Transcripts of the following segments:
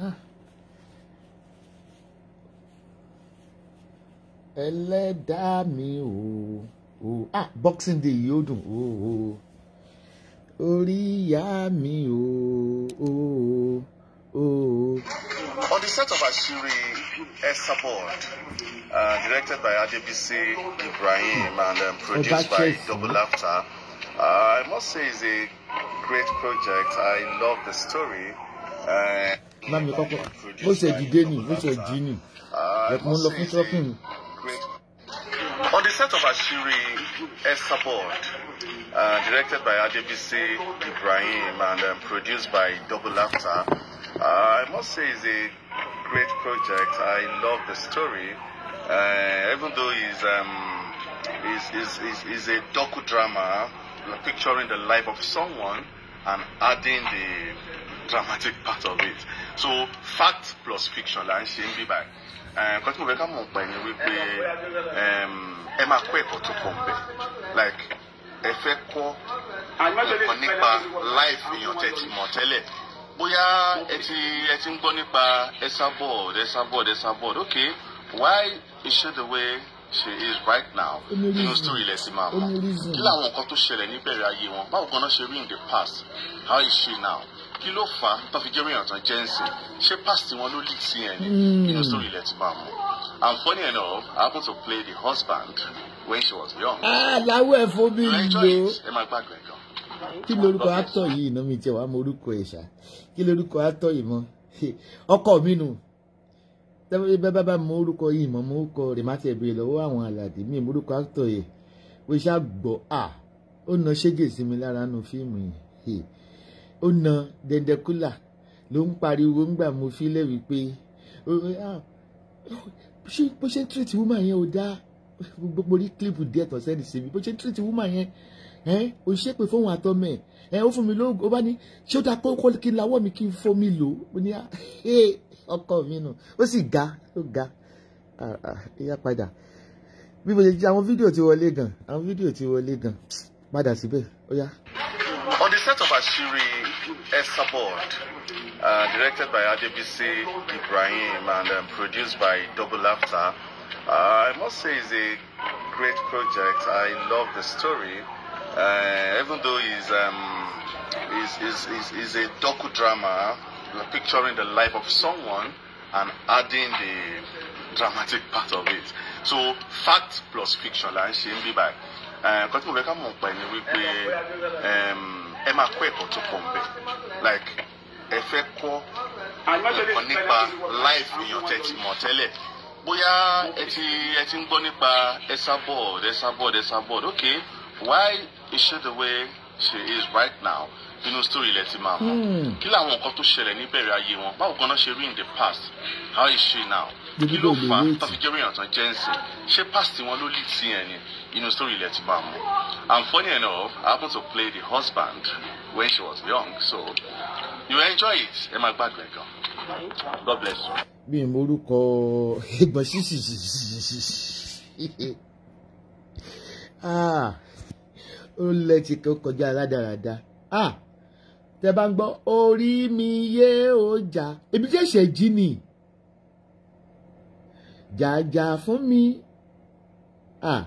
Ah. ẹlẹ́dàá mi ò ò ah boxing day yóò dùn o o orí ìyá mi ò o o. On the set of Ashiri Esabod, uh, directed by Adebisi Ibrahim and um, produced by Double Laughter, uh, I must say it's a great project. I love the story. Uh, mi kọ́kọ́ bó ṣe nì bó ṣe jí nì mo lọ fún shopping. On the set of Ashiri Esabod, uh, directed by Adebisi Ibrahim and um, produced by Double Laughter, uh, I must say it's a great project. I love the story, uh, even though it's, um, it's, it's, it's, it's a docudrama picturing the life of someone and adding the dramatic part of it so fact plus fiction là ń ṣe ń bí báyìí eh, nǹkan tí mo fẹ́ ká mọ̀ pẹ̀ ni wípé ẹ máa kọ́ ẹ̀kọ́ tó pọ̀ nbẹ̀ like ẹ fẹ́ kọ́ ẹ̀kọ́ nípa life èèyàn tẹ̀ ti mọ̀ tẹ́lẹ̀ bóyá ẹ ti ẹ ti ń gbọ́ nípa Esabod Esabod Esabod okay why is she the way she is right now nínú story ilẹ̀ sí máa mọ̀ kí làwọn nǹkan tó ṣẹlẹ̀ níbẹ̀rẹ̀ ayé wọn báwo kan náà ṣe rí in the past how is she now kí ló fà á tó fi jẹ́ ríyàn tán jẹ́ǹsì ṣé pásítì wọn ló leak sí ẹni inú sórí ilẹ̀ tí máa mú and funny enough I happen to play the husband when she was young. Ah, aláwọ̀ ẹ̀fọ́ mi yìí o ẹ máa gbàgbé gan. kí lorúkọ actor yìí iná mi jẹ́ wàá mọ orúkọ ẹ̀ ṣá kí lorúkọ actor yìí mọ́ ọkọ mi nù bẹ́ẹ̀ bá mọ orúkọ yìí mọ́ mọ orúkọ rẹ̀ má tiẹ̀ béèrè lọ́wọ́ àwọn àlàdé mi mọ orúkọ actor yìí wọ́n ṣáà gbọ́ à ó na ṣégè sí mi lára nù fíìmù yìí ó na dẹ̀ndẹ̀kúlà ló ń pariwo ńgbà mo fílẹ̀ wípé bó ṣe ń tírètì woman yẹn ò dáa gbogbo rí kílípù díẹ̀ tán sẹ́ni síbi bó ṣe ń tírètì woman yẹn ò ṣe pé fóun àtọ́mẹ̀ ẹ̀ ó fún mi lóògùn ó bá ní ṣé ó dáa kó kí n lawọ́ mi kí n fọ́ mi lò ó ní ọkọ mi nù ó sì ga ó ga ìyá padà bí mo ṣe jẹ àwọn fídíò ti wọlé gan àwọn fídíò ti wọlé gan padà síbẹ̀ ó yá. on the set of àṣírí A support uh, directed by RJBC Ibrahim and um, produced by Double Laughter. Uh, I must say it's a great project. I love the story, uh, even though it's, um, it's, it's, it's, a docudrama picturing the life of someone and adding the dramatic part of it. So fact plus fiction Like ń ṣe ń bí báyìí. Uh, nǹkan ẹ máa kọ́ ẹ̀kọ́ tó pọ̀ nbẹ̀ like ẹ fẹ́ kọ́ ẹ̀kọ́ nípa life èèyàn tẹ́ ti mọ̀ tẹ́lẹ̀ bóyá ẹ ti ẹ ti ń gbọ́ nípa ẹ̀sà board ẹ̀sà board ẹ̀sà board okay why is she the way she is right now inú story ilẹ̀ ti máa mọ̀ hmm. kí làwọn nǹkan tó ṣẹlẹ̀ níbẹ̀rẹ̀ ayé wọn báwo kan náà ṣe rí in the past how is she now kí ló fà á tó fi jẹ́ ríyàn tán jẹ́ǹsì ṣé past wọn ló lè ti ẹ̀ ni inú story ilẹ̀ ti máa mọ̀ and funny enough I happen to play the husband when she was young so you enjoy it ẹ máa gbàgbé gan God bless you. bí n borúkọ ẹgbọn ṣíṣì ṣíṣì ah, ó lẹ́tí kọjá aládàáradá. Ah! tẹ bá ń gbọ́ orí mi yé ọjà ebi ṣẹ̀ṣẹ̀ jí ni jàjà fún mi ah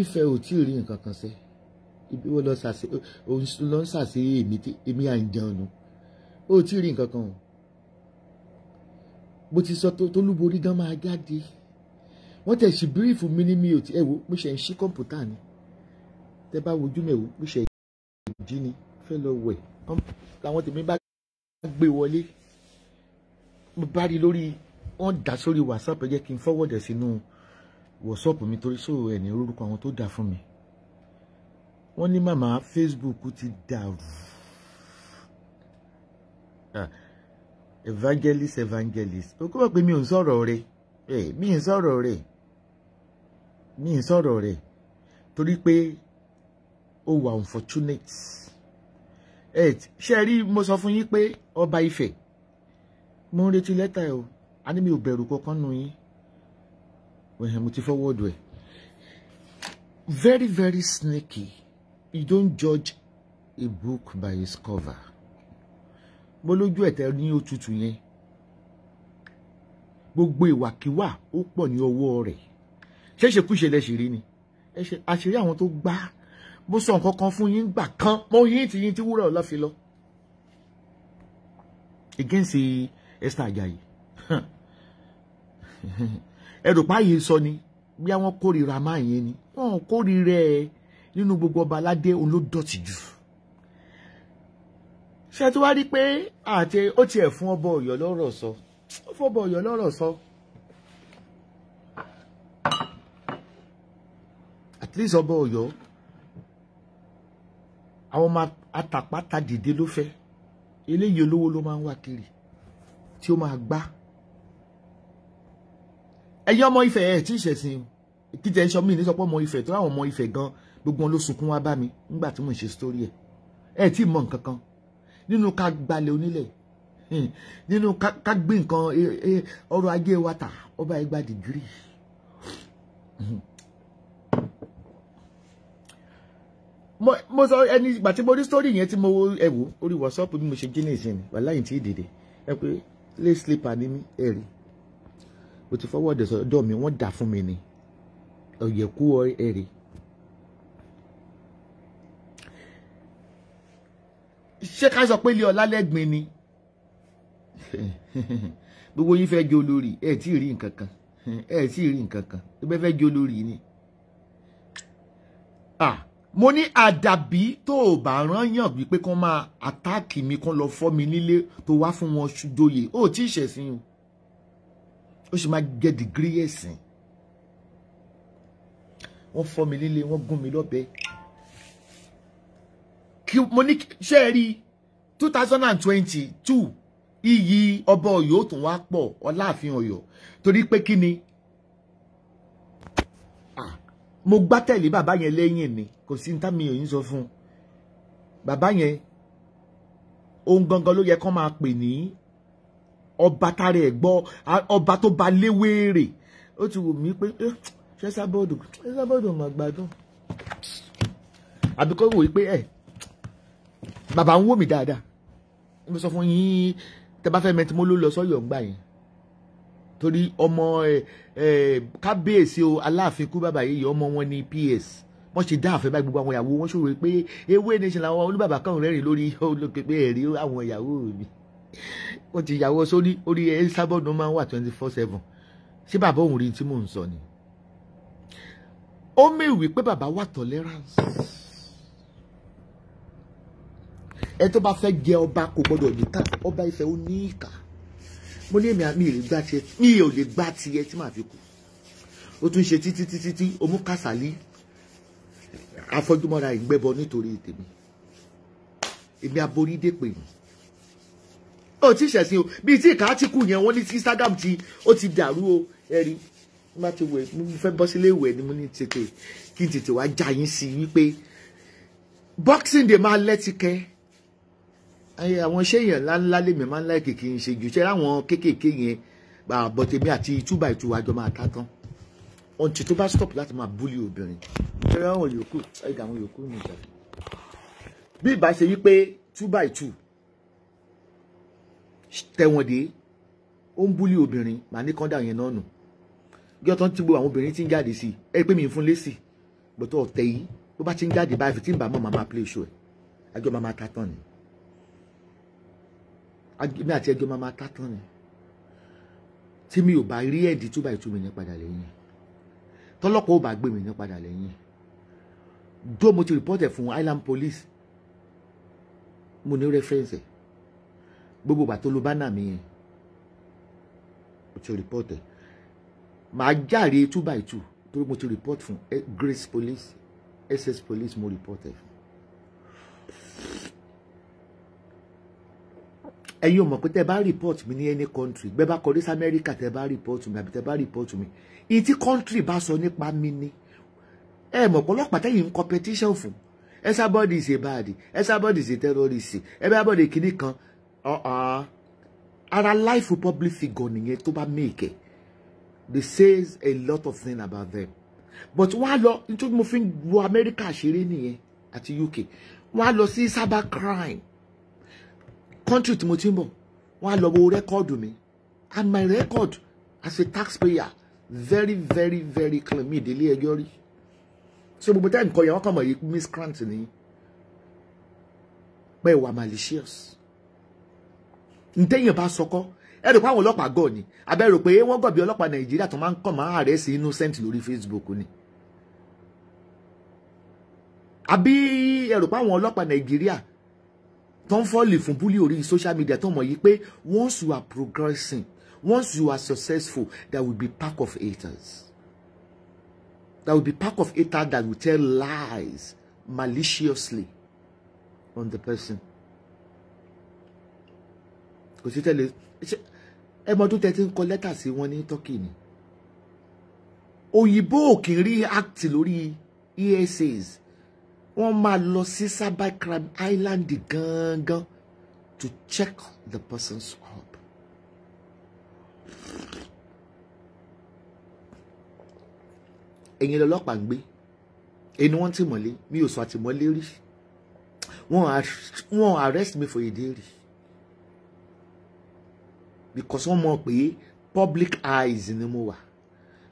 ìfẹ́ ò tí ì rí nǹkan kan ṣe ibi wo lọ ṣàṣe òun lọ ń ṣàṣe èmi tí èmi à ń jẹun nu ó tí ì rí nǹkan kan o bó ti sọ tólúborí gan máa jáde wọ́n tẹ̀ sí bírífù mi ní mi ò tí ẹ̀ wò mo ṣe ń ṣí kọ̀ǹpútà ni tẹ́ bá wojú mẹ́wò mo ṣe ń jí ni fẹ́ lọ wẹ̀ làwọn tèmi bá gbé wọlé mo bá rí lórí wọ́n dà sórí whatsapp ẹ jẹ́ kí n fọwọ́dẹ̀ sínú whatsapp mi torí so ẹ̀ ní orúkọ àwọn tó dà fún mi wọ́n ní màmá facebook ti dàrú ah, evangelist evangelist o kọ́ pé mi ò ń sọ̀rọ̀ rẹ̀ mi ń sọ̀rọ̀ rẹ̀ mi ń sọ̀rọ̀ rẹ̀ torí pé ó wà unfortunate eight ṣe rí mo sọ fún yín pé ọba Ifẹ̀ mo ń retí lẹ́tà ẹ̀ o a ní mi ò bẹ̀rù kankan nù yín wẹ̀hẹ̀ mo ti fọwọ́dù ẹ̀ very very sneaky you don't judge a book by its cover mo lójú ẹ̀tẹ́ ní òtútù yẹn gbogbo ìwàkiwà ó pọ̀ ní ọwọ́ rẹ̀ ṣé ṣe kúṣe lẹ́ṣìírí ni àṣírí àwọn tó gbá mo sọ nǹkan kan fún yín gbà kan mo yín ti yín ti wúrà ọ̀la fi lọ against Esther Ajayi ẹrù páyé sọ ni bí àwọn kórìíra máa yẹn ni wọn kórìíra ẹ nínú gbogbo ọba aládé olódọ̀tí jù ṣe tí wàá rí pé àti ó tiẹ̀ fún ọba Ọ̀yọ́ lọ́rọ̀ sọ ó fún ọba Ọ̀yọ́ lọ́rọ̀ sọ. at least ọba Ọ̀yọ́ àwọn ọmọ atàpátá dìde ló fẹ́ eléyìí olówó ló máa ń wá kiri tí ó máa gbá ẹyẹ ọmọ Ifẹ̀ ẹ tí ìṣẹ̀sìn kíjẹ iṣọ mi ní sọpọ ọmọ Ifẹ̀ tó àwọn ọmọ Ifẹ̀ gan gbogbo wọn ló sunkún wá bá mi nígbà tí mo ń ṣe sítórí ẹ ẹ tí mọ nǹkan kan nínú ká gbalẹ̀ onílẹ̀ nínú ká gbé nǹkan e, e, ọrọ̀ ajé wa tà ọba ẹgbàá dìgírì. mo sọ ẹni ìgbà tí mo rí story yẹn tí mo ẹ wò orí WhatsApp bí mo ṣe jí ní ìsìn wà láyìn tí ìdìde ẹ pé lay sleeper ni mí ẹ rí o ti fọwọ́ ọ̀dẹ̀ sọ́dọ̀ mi wọ́n dà fún mi ni ọ̀yẹ̀kú ẹ rí. ṣé ká sọ pé ilé ọlá lẹ́gbin ni gbogbo yín fẹ́ jẹ olórí ẹ tí ì rí nǹkan kan ẹ tí ì rí nǹkan kan ẹ bẹ́ẹ̀ fẹ́ olórí ni. ah mo ní àdàbí tó o bá rányàn wípé kán máa àtáàkì mi kán lọ fọ́ mi nílé tó wá fún wọn joyè ó tí ì ṣẹ̀sìn o ó sì máa gẹ dìgírí ẹ̀sìn wọ́n fọ́ mi nílé wọ́n gún mi lọ́bẹ kí mo ní ṣe é rí two thousand and twenty two iyì ọba Ọ̀yọ́ tún wá pọ̀ Ọláàfin Ọ̀yọ́ torí pé kí ni ah, mo gbá tẹ̀lé bàbá yẹn lẹ́yìn mi kò sí ntàmì òyìn sọ fún bàbá yẹn ohun gangan ló yẹ kán máa pè ní ọba tààrẹ ẹ gbọ́ ọba tó ba léwéèrè ó ti wù mí pé ṣé sábọọdù ṣé sábọọdù mà gbádùn àbíkọ́ wò pé ẹ bàbá ń wò mí dáadáa mo sọ fún yín tẹ bá fẹ́ mẹtí mo ló lọ sọ́yọ̀ ń gbà yẹn torí ọmọ ẹ ẹ kábíyèsí o aláàfin kú bàbá yìí ọmọ wọn ní PS wọ́n ṣe dá àfẹ́ báyìí gbogbo àwọn ìyàwó wọn ṣòro pé ewé nation làwọn olúbàbà kan rẹ́rìn lórí olùpẹ̀pẹ̀ ẹ̀rí àwọn ìyàwó mi wọ́n ti ìyàwó sórí orí elizabeth máa ń wà twenty four seven ṣé bàbá òun rí tí mò ń sọ ni ó mèwì pé bàbá wà tolerance ẹ tó bá fẹ́ jẹ ọba kò gbọ́dọ̀ níkà ọba Ifẹ̀ ó ní ìkà mo ní èmi mi ò lè tiẹ̀ mi ò lè gbá tiẹ̀ tí màá fi kú ó tún ṣe títí títí tí afọ́júmọ́ra ìgbẹ́bọ nítorí tèmi èmi aborídé pè mí ó ti ṣẹ̀sìn o bíi tí ìka átíkù yẹn wọ́n ní Instagram ti ó ti dàrú o ẹ̀rí má ti wẹ̀ mo fẹ́ bọ́ sílé ìwẹ̀ ni mo ní tètè kí n tètè wá já yín sí i wípé boxing day máa lẹ́tìkẹ́ àwọn iṣẹ́ èèyàn ńláńlá lèmi máa ń láì kìkì ń ṣe jù ṣẹ́ láwọn kéékèèké yẹn bàbọ̀tẹ̀mí àti ìtúbà ìtúwàjọ máa ta tán ọ̀njẹ́ tó bá stop láti máa búlì obìnrin ìjọba àwọn yòókù ẹ̀dá àwọn yòókù ní ìjà bí ìbá ṣe wípé two by two tẹ̀wọ̀n dé ó ń búlì obìnrin màá ní kọ́ńdà yẹn náà nù yọ tán ti gbogbo àwọn obìnrin tí ń jáde sí ẹ pé mi ń fún lésì gbọ́tọ̀ ọ̀tẹ̀ yìí bó bá ti ń jáde báyìí tí ń bá mọ̀ máa máa play show ẹ̀ àjọ máa máa ta tán ni mi àti ẹjọ́ máa máa ta tán ni tí mi ò bá rí ẹ̀dí two by two mi ní padà lẹ́yìn yẹn tọ́lọ́pàá ò bá gbé mi ní padà lẹ́yìn dó mo ti rìpọ́tẹ̀ fún Island Police mo ní rẹ́fẹ́rẹ́nsì gbogbo ìgbà tó lo bánà mi yẹn mo ti rìpọ́tẹ̀ màá járe two by two torí mo ti report fún Grace Police SS Police mo rìpọ́tẹ̀ ẹ̀yin ò mọ̀ pé tẹ́ bá report mi ní any country gbẹ́ bá kọrí sí Amẹ́ríkà tẹ́ bá report mi àbí tẹ́ bá report mi èyí tí country bá sọ nípa mi ni ẹ mọ̀ pé ọlọ́pàá competition fún everybody is a bad everybody is a terrorist everybody kìíní kan uh-uh. ara life public figure nìyẹn tó bá make it they say a lot of things about them but wọ́n á lọ nítorí mo fi ń wo Amẹ́ríkà ṣeré nìyẹn àti UK wọ́n á lọ sí cyber crime country tí mo ti ń bọ̀ wọ́n á lọ wo rẹ́kọ̀dù mi and my record as a taxpayer very very very clean mi ìdílé ẹjọ́ rí so gbogbo táyà nǹkan yẹn wọ́n kàn mọ̀ yìí miscreant ni pé ìwà malicious ntẹ́yìn bá sọkọ́ ẹ rò pé àwọn ọlọ́pàá gọ̀ ni abẹ́ rò pé wọ́n gọ̀ bí ọlọ́pàá nàìjíríà tó máa ń kàn máa àrẹ́sì innocent lórí Facebook ni àbí ẹ rò pé àwọn ọlọ́pàá nàìjíríà tó ń fọ́ọ̀lì fún búlì orí social media tó mọ̀ yìí pé once you are progressing once you are successful there will be pack of haters there will be pack of haters that will tell lies maliciously on the person kò sí tẹ́lẹ̀ ẹ mọ ọdún tẹ ti ń kọ lẹ́tà sí wọn ní turkey ni òyìnbó ò kì í rí act lórí ESAs wọ́n máa lọ sí cyber crime island gangan to check the person's up. ẹ̀yin lọ́lọ́pàá ń gbé ẹni wọ́n ti mọ̀lé mi ò sọ àtìmọ́lé rí wọ́n arrest me for a day rí because wọ́n mọ̀ pé public eyes ni mo wà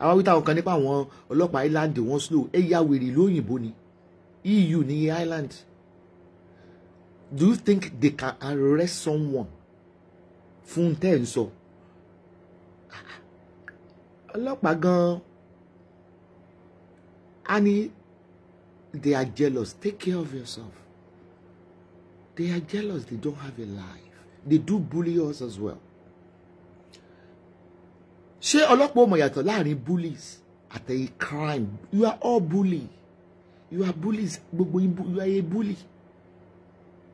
àwọn wíta àwọn kan nípa àwọn ọlọ́pàá island wọ́n slow ẹ̀yà wèrè ìlú òyìnbó ni. EU ní Ireland do you think they can arrest someone fún tẹ́ ń sọ ọlọ́pàá gan-an a ní they are jealous take care of yourself they are jealous they don't have a life they do bully us as well ṣé ọlọ́pàá ò mọ̀ yàtọ̀ láàrin bullies àtẹ̀yí crime you are all bullies you are bullies gbogbo you are a bully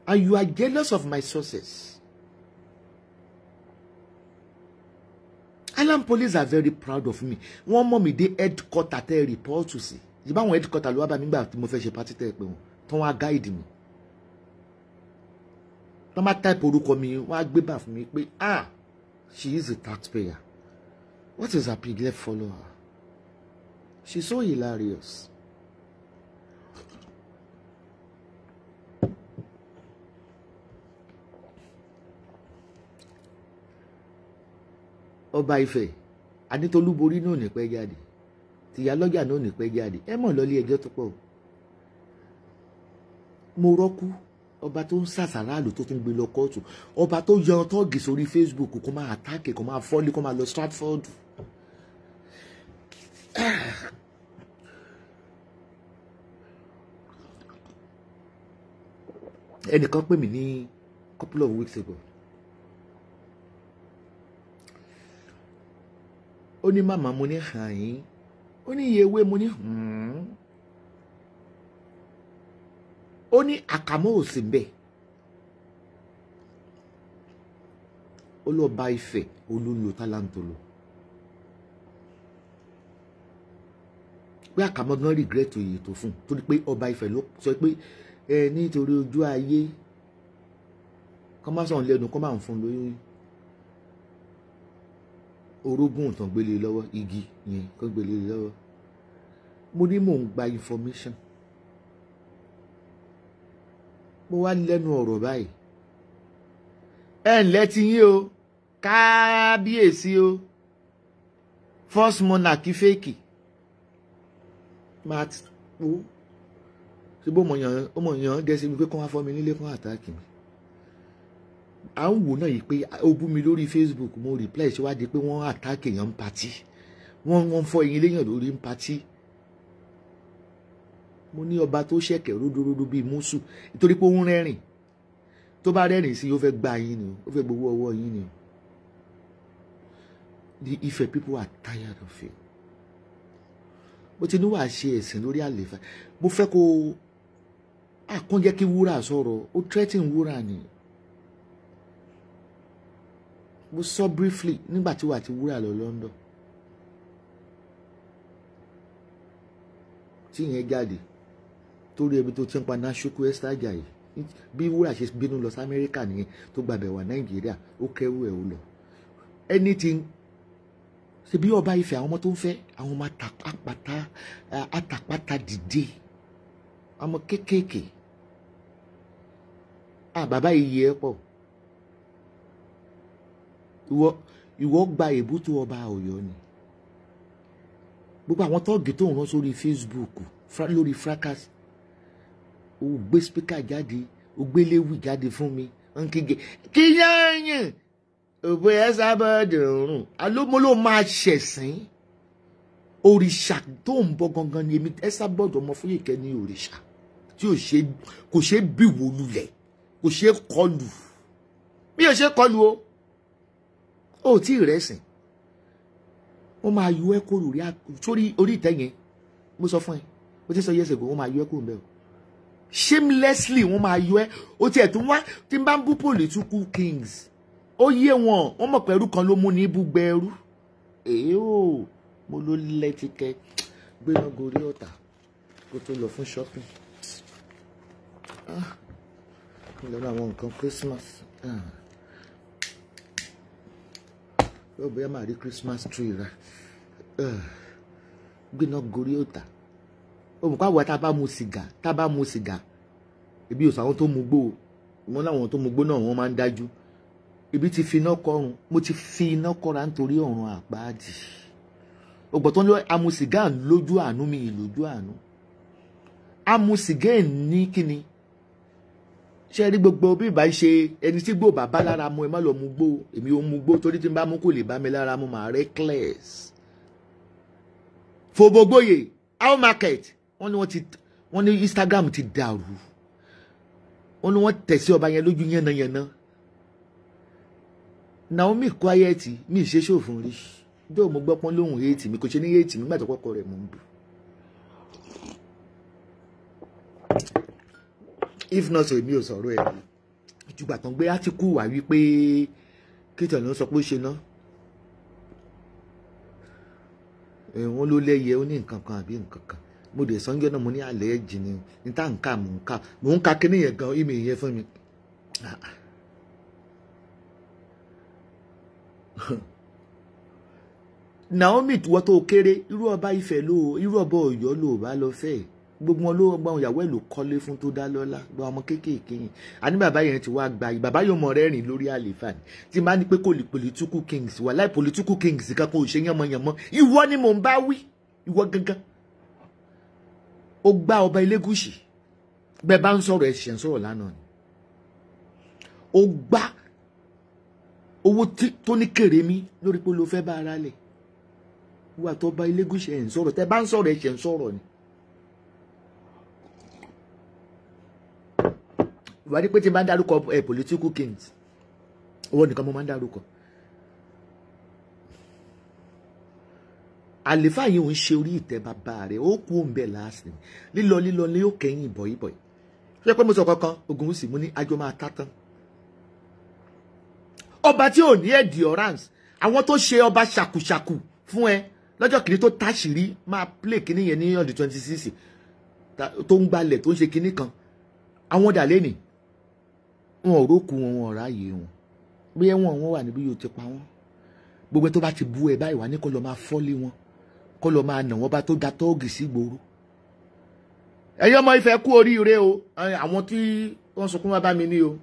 and you are jealous of my sources. Island police are very proud of me wọ́n mọ̀ mí dé headquarter tẹ́ rìpọ́ọ̀tù sí yìí báwọn headquarter ló wá bá mi gbà tí mo fẹ́ ṣe pátí tẹ́ pé wọn tán wá gáìdì mi tán bá táìpù orúkọ mi wọ́n á gbé bà fún mi pé ah she is a taxpayer what is her piglet follower she is so hilarious. ọba Ifẹ̀ Anítolúborí náà ní pẹ́ jáde tìyálọ́jà náà ní pẹ́ jáde ẹ mọ̀ lọ́lé ẹjọ́ tó pọ̀ mo rọ́kú ọba tó ń sàṣàràlù tó tún gbé lọ kóòtù ọba tó yan tọ́ọ̀gì sórí Facebook kó máa àtàkì kó máa fọ́lé kó máa lọ Stratford ẹnìkan pè mí ní couple of weeks ago ó ní màmá mo ní hàn yín ó ní iye ewé mo ní hàn hmm. ó ní àkàmọ́ ò sí mbẹ́ ó lọ bá Ifẹ̀ olóńlo tálántolo pé àkàmọ́ gan regret oyè tó fún torí pé ọba Ifẹ̀ ló sọ pé ẹ nítorí ojú ayé kọ́ lẹ́nu kọ́ má ń fún lóyún orógùn tán gbélé e lọ́wọ́ igi yẹn kán gbélé e lọ́wọ́ mo ní mò ń gba information mo wá lẹ́nu ọ̀rọ̀ báyìí ẹ ǹlẹ́ ti yín o kábíyèsí o first monarch fake máa wo ṣe bó mọ̀ yàn ó mọ̀ gẹ̀ẹ́sì mi pé kán wá fọ́ mi nílé kán àtàkì mi à ń wò náà yìí pé ó bú mi lórí Facebook mo reply síwádìí pé wọ́n attack èèyàn ń patí wọ́n wọ́n fọ́ eyín léèyàn lórí ń patí mo ní ọba tó ṣẹ̀kẹ̀ ródóródó bíi mùsù nítorí pé ó ń rẹ́rìn tó bá rẹ́rìn sí ó fẹ́ gba yín ni ó fẹ́ gbowó ọwọ́ yín ni the Ife people are tired of you mo ti ní wàá ṣe ẹ̀sìn lórí àlèfà mo fẹ́ kó àkúnjẹ́ kí wúrà sọ̀rọ̀ ó threaten wúrà ni mo sọ briefly nígbà tí wà á ti wúrà lọ London tí ìyẹn jáde torí ẹbí tó ti ń pa nasuku esther jai bí wúrà ṣe bínú lọ sí Amẹ́ríkà nìyẹn tó gbàbẹ̀ wá Nàìjíríà ó kẹ́rù ẹ̀ ó lọ anything ṣe bí ọba Ifẹ̀ àwọn ọmọ tó ń fẹ́ àwọn ọmọ àtàpàtà àtàpàtà dìde ọmọ kéékèèké ah bàbá yìí yẹ ẹ pọ̀ ìwọ ìwọ gba èbúté ọba Ọ̀yọ́ ni gbogbo àwọn tọ́ọ̀gì tó ń rán sórí Facebook lórí fracas ó gbé spíkà jáde ó gbé léwì jáde fún mi ń kígbe kíyáyìn òbí ẹ sábà dùnrùn alómọló máa ṣẹ̀sìn òrìṣà tó ń bọ gangan ni èmi ẹ sábà dùn ọmọ Fúyèkẹ ní òrìṣà tí kò ṣe é bìwò lulẹ̀ kò ṣe é kọlù bí ṣe kọlù o ó tí ì rẹ́sìn wọ́n máa yọ ẹ́ kóró rí sórí orí ìtẹ́ yẹn mo sọ fún ẹ mo ti sọ yẹsẹ gbọ wọ́n máa yọ ẹ́ kóró mbẹ́ o shamelessly wọ́n máa yọ ẹ́ o tiẹ̀ tún wá tí n bá ń bú political kings ó yé wọn wọ́n mọ̀ pé ẹrú kan ló mú ní ibùgbé ẹrú èyí ò mo ló lẹ́tìkẹ́ gbéná gorí ọ̀tà kó tó lọ fún shopping ah, mo lọ ra àwọn nǹkan Christmas. Ah yóò bóyá màá rí Christmas tree ra gbiná gorí òtà òmùkọ àwọn tá a bá mu sìgá tá a bá mu sìgá ibi òsàn àwọn tó mu gbó wọn láwọn tó mu gbó náà wọn máa ń dájú ibi ti fi iná kọrun mo ti fi iná kọra nítorí ọ̀run àpáàdì ògbọ̀n oh, tó ń lọ amu sìgá lójú àánú mi lójú àánú amu ní kíni ṣe rí gbogbo bí ìbá ṣe ẹni tí gbò bàbá lára mu ẹ má lọ mu gbó èmi ò mu gbó torí tí n bá mú kò lè bá mi lára mu màá reckless. fòbògbòyè how market wọ́n ní wọ́n ti wọ́n ní Instagram ti dàrú wọ́n ní wọ́n tẹ̀sí ọba yẹn lójú yánnayànna Naomi quiet mi ṣe ṣòfin rí bí òun mo gbọ́ pọ́n lóhùn hate mi kò ṣe ní hate mi gbàtọ́ kọ́kọ́ rẹ̀ mò ń if not èmi ò sọ̀rọ̀ ẹ̀ ìjùgbà kan gbé átíkù wá wípé kíntàn ló sọ pé ó ṣe ná wọn ló lẹ́yẹ ó ní nǹkan kan àbí nǹkan kan mo dé sọ́njọ́ náà mo ní àlẹ́ ẹ̀jì ni n tá n ká mò ń ká mò ń ka kíní yẹn gan ìmì yẹn fún mi. Naomi tiwọ́ tó kéré irú ọba Ifẹ̀ ló irú ọba Ọ̀yọ́ ló bá lọ fẹ́ẹ́ gbogbo wọn ló gba àwọn ìyàwó ẹ̀ ló kọ́lé fún tó dá lọ́lá gba ọmọ kéékèèké yìí àní bàbá yẹn ti wá gba yìí bàbá yóò mọ rẹ́rìn lórí àlèfà ni tí máa ní pé kò lè political kings wà láì political kings kankan ò ṣe yánmọyánmọ ìwọ ni mò ń bá wí ìwọ gangan ó gbá ọba Elégùṣì bẹ́ẹ̀ bá ń sọ̀rọ̀ ẹ̀ṣẹ̀ ń sọ̀rọ̀ lánàá ni ó gbá owó tó ní kèrè mi lórí pé ló fẹ́ bá ara lẹ̀ wà tó ọba Elégùṣì ẹ̀ ń sọ̀rọ̀ wà á rí pé tí n bá ń dárúkọ ẹ eh, political kings owó nìkan mo máa ń dárúkọ. àlèfà yìí ò ń ṣe orí ìtẹ́ bàbá rẹ̀ ó kú òun bẹ́ẹ̀ láàsì lílọ lílọ ni ó kẹ́yìn bọ̀yìbọ̀yì ṣé pé mo sọ kankan ogun sì mú ní ajọ máa tá tán. ọba tí ò ní ẹ̀dì ọ̀ránṣ àwọn tó ṣe ọba ṣàkùṣàkù fún ẹ lọ́jọ́ kìíní tó táṣìírí máa plé kìíní yẹn ní ọdún twenty six tó ń gbalẹ̀ tó ń ṣe kìíní kan àwọn dà lẹ́nìí wọn ò rókù wọn wọn ò ráàyè wọn bóyá wọn wọn wà níbi yóò ti pa wọn gbogbo tó bá ti bú ẹ báyìí wà ní kó lọ máa fọ́lé wọn kó lọ máa nà wọn bá tó da tóògì sí gbòòrò ẹ̀yin ọmọ Ifẹ̀ kú oríire o àwọn tí wọ́n sunkún wá bá mi ní o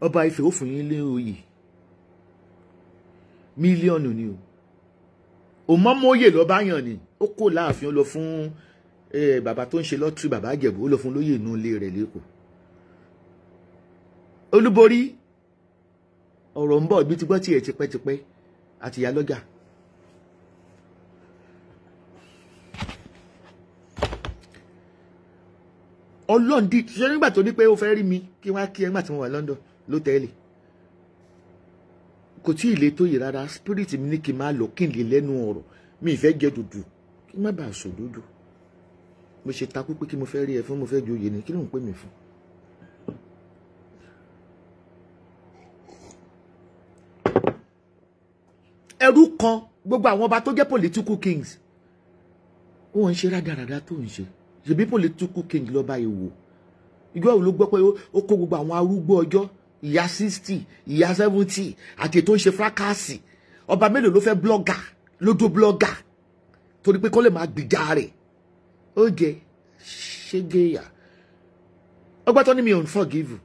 ọba Ifẹ̀ ó fún yín lé oyè mílíọ̀nù ni o òmọ́mọ́yè lọ́ba yàn ni ó kó láàfin lọ fún eh, bàbá tó ń ṣe lọ́tírì bàbá àjẹ̀bù ó lọ fún lóyè inú ilé rẹ̀ lẹ́kọ̀ọ́ olúborí ọ̀rọ̀ ń bọ̀ ibi tí gbọ́ tiẹ̀ tipẹ́tipẹ́ àti ìyálọ́jà. ọlọ́run dì ṣe nígbà tó ní pé ó fẹ́ rí mi kí wọ́n á kí ẹ nígbà tí mo wà London lótẹ́ẹ̀lì kò tí ì le tó yìí rárá spirit mi ní kí n máa lọ kí n lè lẹ́nu ọ̀rọ̀ mi ì fẹ́ jẹ dùdù kí n má bàa sòdodo mo ṣe takú pé kí mo fẹ́ rí ẹ fún mo fẹ́ joyè ni kí ló ń pè mí fún. ẹrú kan gbogbo àwọn ọba tó jẹ́ political kings wọn ń ṣe rádaràda tó ń ṣe ṣèbí political king lọ́ba èwo ìjọ òun ló gbọ́ pé ó kó gbogbo àwọn arúgbó ọjọ́ ìyá sixty ìyá seventy àti ètò ń ṣe fracasi ọba mélòó ló fẹ́ blọ́gà lódó blọ́gà torí pé kó lè máa gbìjà rẹ̀ ó jẹ ṣégeya ọgbà tó ní mi ò ń forgive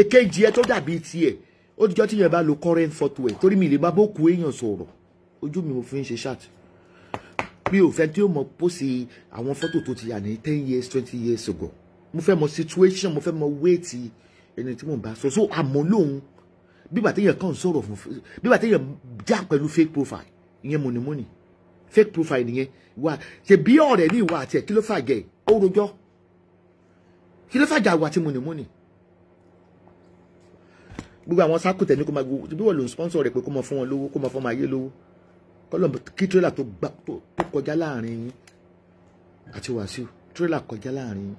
èkejì ẹ tó dàbí tiẹ̀ ó dijọ́ tí yẹn bá lo current footwear torí mi lè bá bókù èèyàn sọ̀rọ̀ ojú mi mo fi ń ṣe ṣáàtì mi ò fẹ́ tí ó mọ pósì àwọn fọ́tò tó ti yà ní ten years twenty years ago mo fẹ́ mọ situation mo fẹ́ mọ weight ẹni tí mo bá sọ so àmọ́ lóhun bíbà téèyàn kàn sọ̀rọ̀ fún bíbà téèyàn já pẹ̀lú fake profile ìyẹn mọ̀nìmọ̀nì fake profile nìyẹn wa ṣe bí ọ̀rẹ́ ní ìwà àti ẹ̀ kí ló fàjẹ́ ó rojọ́ kí ló fàjà àwa tí mọ̀nìmọ̀nì gbogbo àwọn sáàkù tẹ̀ ní kó máa gbogbo bí wọ́n lò ń sponsor rẹ̀ pé kó máa fún wọn lówó kó máa fún ọmọ ayé lówó kọ́lọ̀ kí tírélà tó kọjá láàrin yín àti Wàsíù tírélà kọjá láàrin yín.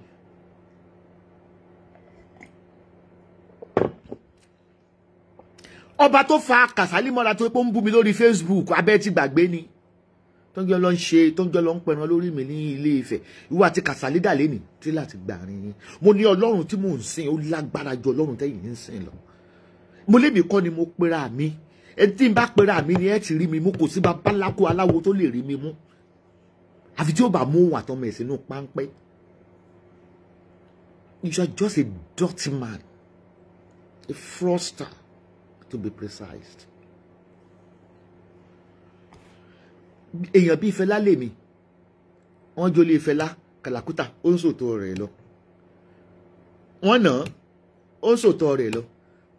ọba tó fa kàsálí mọ́ra tó pé ó ń bú mi lórí Facebook abẹ́ ti gbàgbé ni tó ń jọ lọ ń ṣe tó ń jọ lọ ń pẹran lórí mi ní ilé Ifẹ̀ ìwà àti kàsálí dà lẹ́nìí tí láti gbà rìn yín mo ní ọlọ́run tí mò ń sìn ó lágbára ju ọlọ́run tẹ́yìn ń sìn lọ mo lémi kọ́ ni mo pera mi ẹni tí n bá pera mi ni ẹ ti rí mi mú kò sí babaláko aláwo tó lè rí mi mú àfi tí ó bá mú òun àtọmọ ẹ̀ sínú páńpẹ́ you are just a dirty man a froster, to be precise èèyàn bíi Fẹlá lèmi wọ́n jólè Fẹlá kàlàkùtà ó ń sòtò rẹ̀ lọ wọ́n nà ó ń sòtò rẹ̀ lọ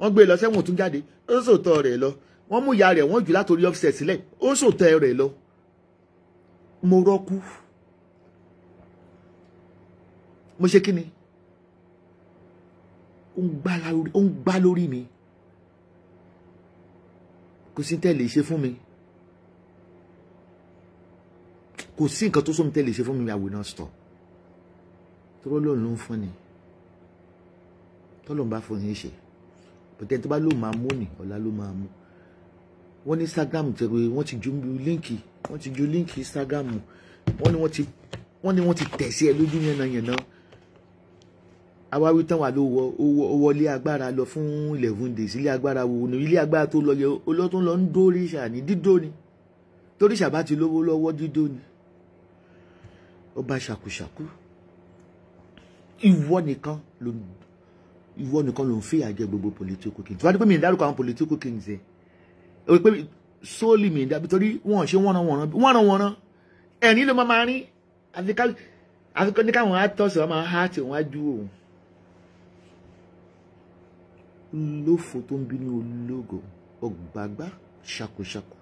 wọ́n gbé e lọ sẹ́wọ̀n tún jáde ó sòótọ́ rẹ̀ lọ wọ́n mú ìyá rẹ̀ wọ́n jù látòrí offset sílẹ̀ ó sòótọ́ rẹ̀ lọ mo rọ́kú mo ṣe kí ni ó ń gbá lórí mi kò sí tẹ́lẹ̀ ṣe fún mi kò sí nǹkan tó sómi tẹ́lẹ̀ ṣe fún mi I will not stop tọ́lọ́ ló ń fún ni tọ́lọ́ ń bá fún yín ṣe bọ̀tẹ́ tó bá lóun máa mú ni ọ̀la ló máa mú wọ́n ní instagram tẹ̀wé wọ́n ti ju líǹkì wọ́n ti ju líǹkì instagram wọ́n ní wọ́n ti wọ́n ní wọ́n ti tẹ̀ sí ẹ lójú yànnàyànnà awáwí tán wà ló wọ wọlé agbára lọ fún eleven days ilé agbára wo ni ilé agbára tó lọ yẹ olótún lọ ń dórí ṣàní dídó ni torí ṣàbá ti lówó lọ́wọ́ dídó ni ó bá ṣàkúṣàkú ìwọ nìkan ló ìwọ nìkan ló ń fìyà jẹ gbogbo political kings wọ́n ti pé mi ìdárúkọ àwọn political kings yẹn ó pé sóòlì mi ìdá torí wọ́n ṣe wọ́nranwọ̀nran wọ́nranwọ̀nran ẹ̀rín ló máa rí àfikún ní káwọn actors wọn máa há tí wọ́n á ju òun lófo tó ń bínú ológo ọgbàgbà ṣàkóṣàkó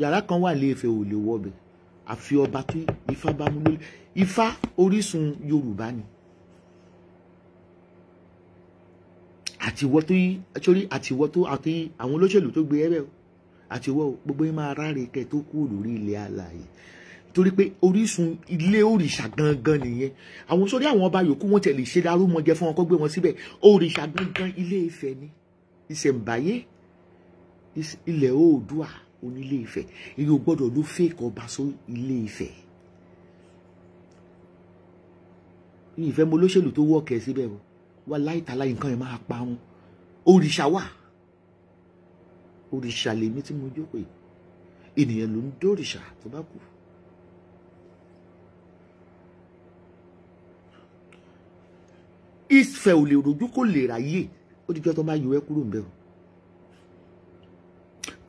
yàrá kan wà lé Ifẹ̀ ò lè wọbẹ̀ àfi ọba tí ifá bá mú lórí ifá orísun yorùbá ni àtiwọ́ tó yí sórí àtiwọ́ tó àti àwọn olóṣèlú tó gbé ẹ̀bẹ̀ o àtiwọ́ gbogbo yín máa ráre kẹ́ tó kú lórí ilẹ̀ alààyè torí pé orísun ilé òrìṣà gangan nìyẹn àwọn sórí àwọn ọba yòókù wọn tẹ̀lé ṣe darúmọjẹ fún wọn kó gbé wọn síbẹ̀ òrìṣà gangan ilé Ifẹ̀ ni ìṣẹ̀ǹbáyé ilẹ̀ oòdùà onílé Ifẹ̀ èyí ò gbọ́dọ̀ ló fake ọba só ilé Ifẹ̀ ìfẹ́ mo lóṣèlú tó wọ́ọ̀kẹ́ síbẹ̀ o wà láìtàlá nǹkan ẹ̀ máa parun òrìṣà wà òrìṣà lèmi tí mo jókòó ènìyàn ló ń dòrìṣà tó bá kù. Ifẹ̀ ò lè rojú kò lè ráyè ó dijọ́ tó máa yọ ẹ́ kúrò ń bẹ̀rù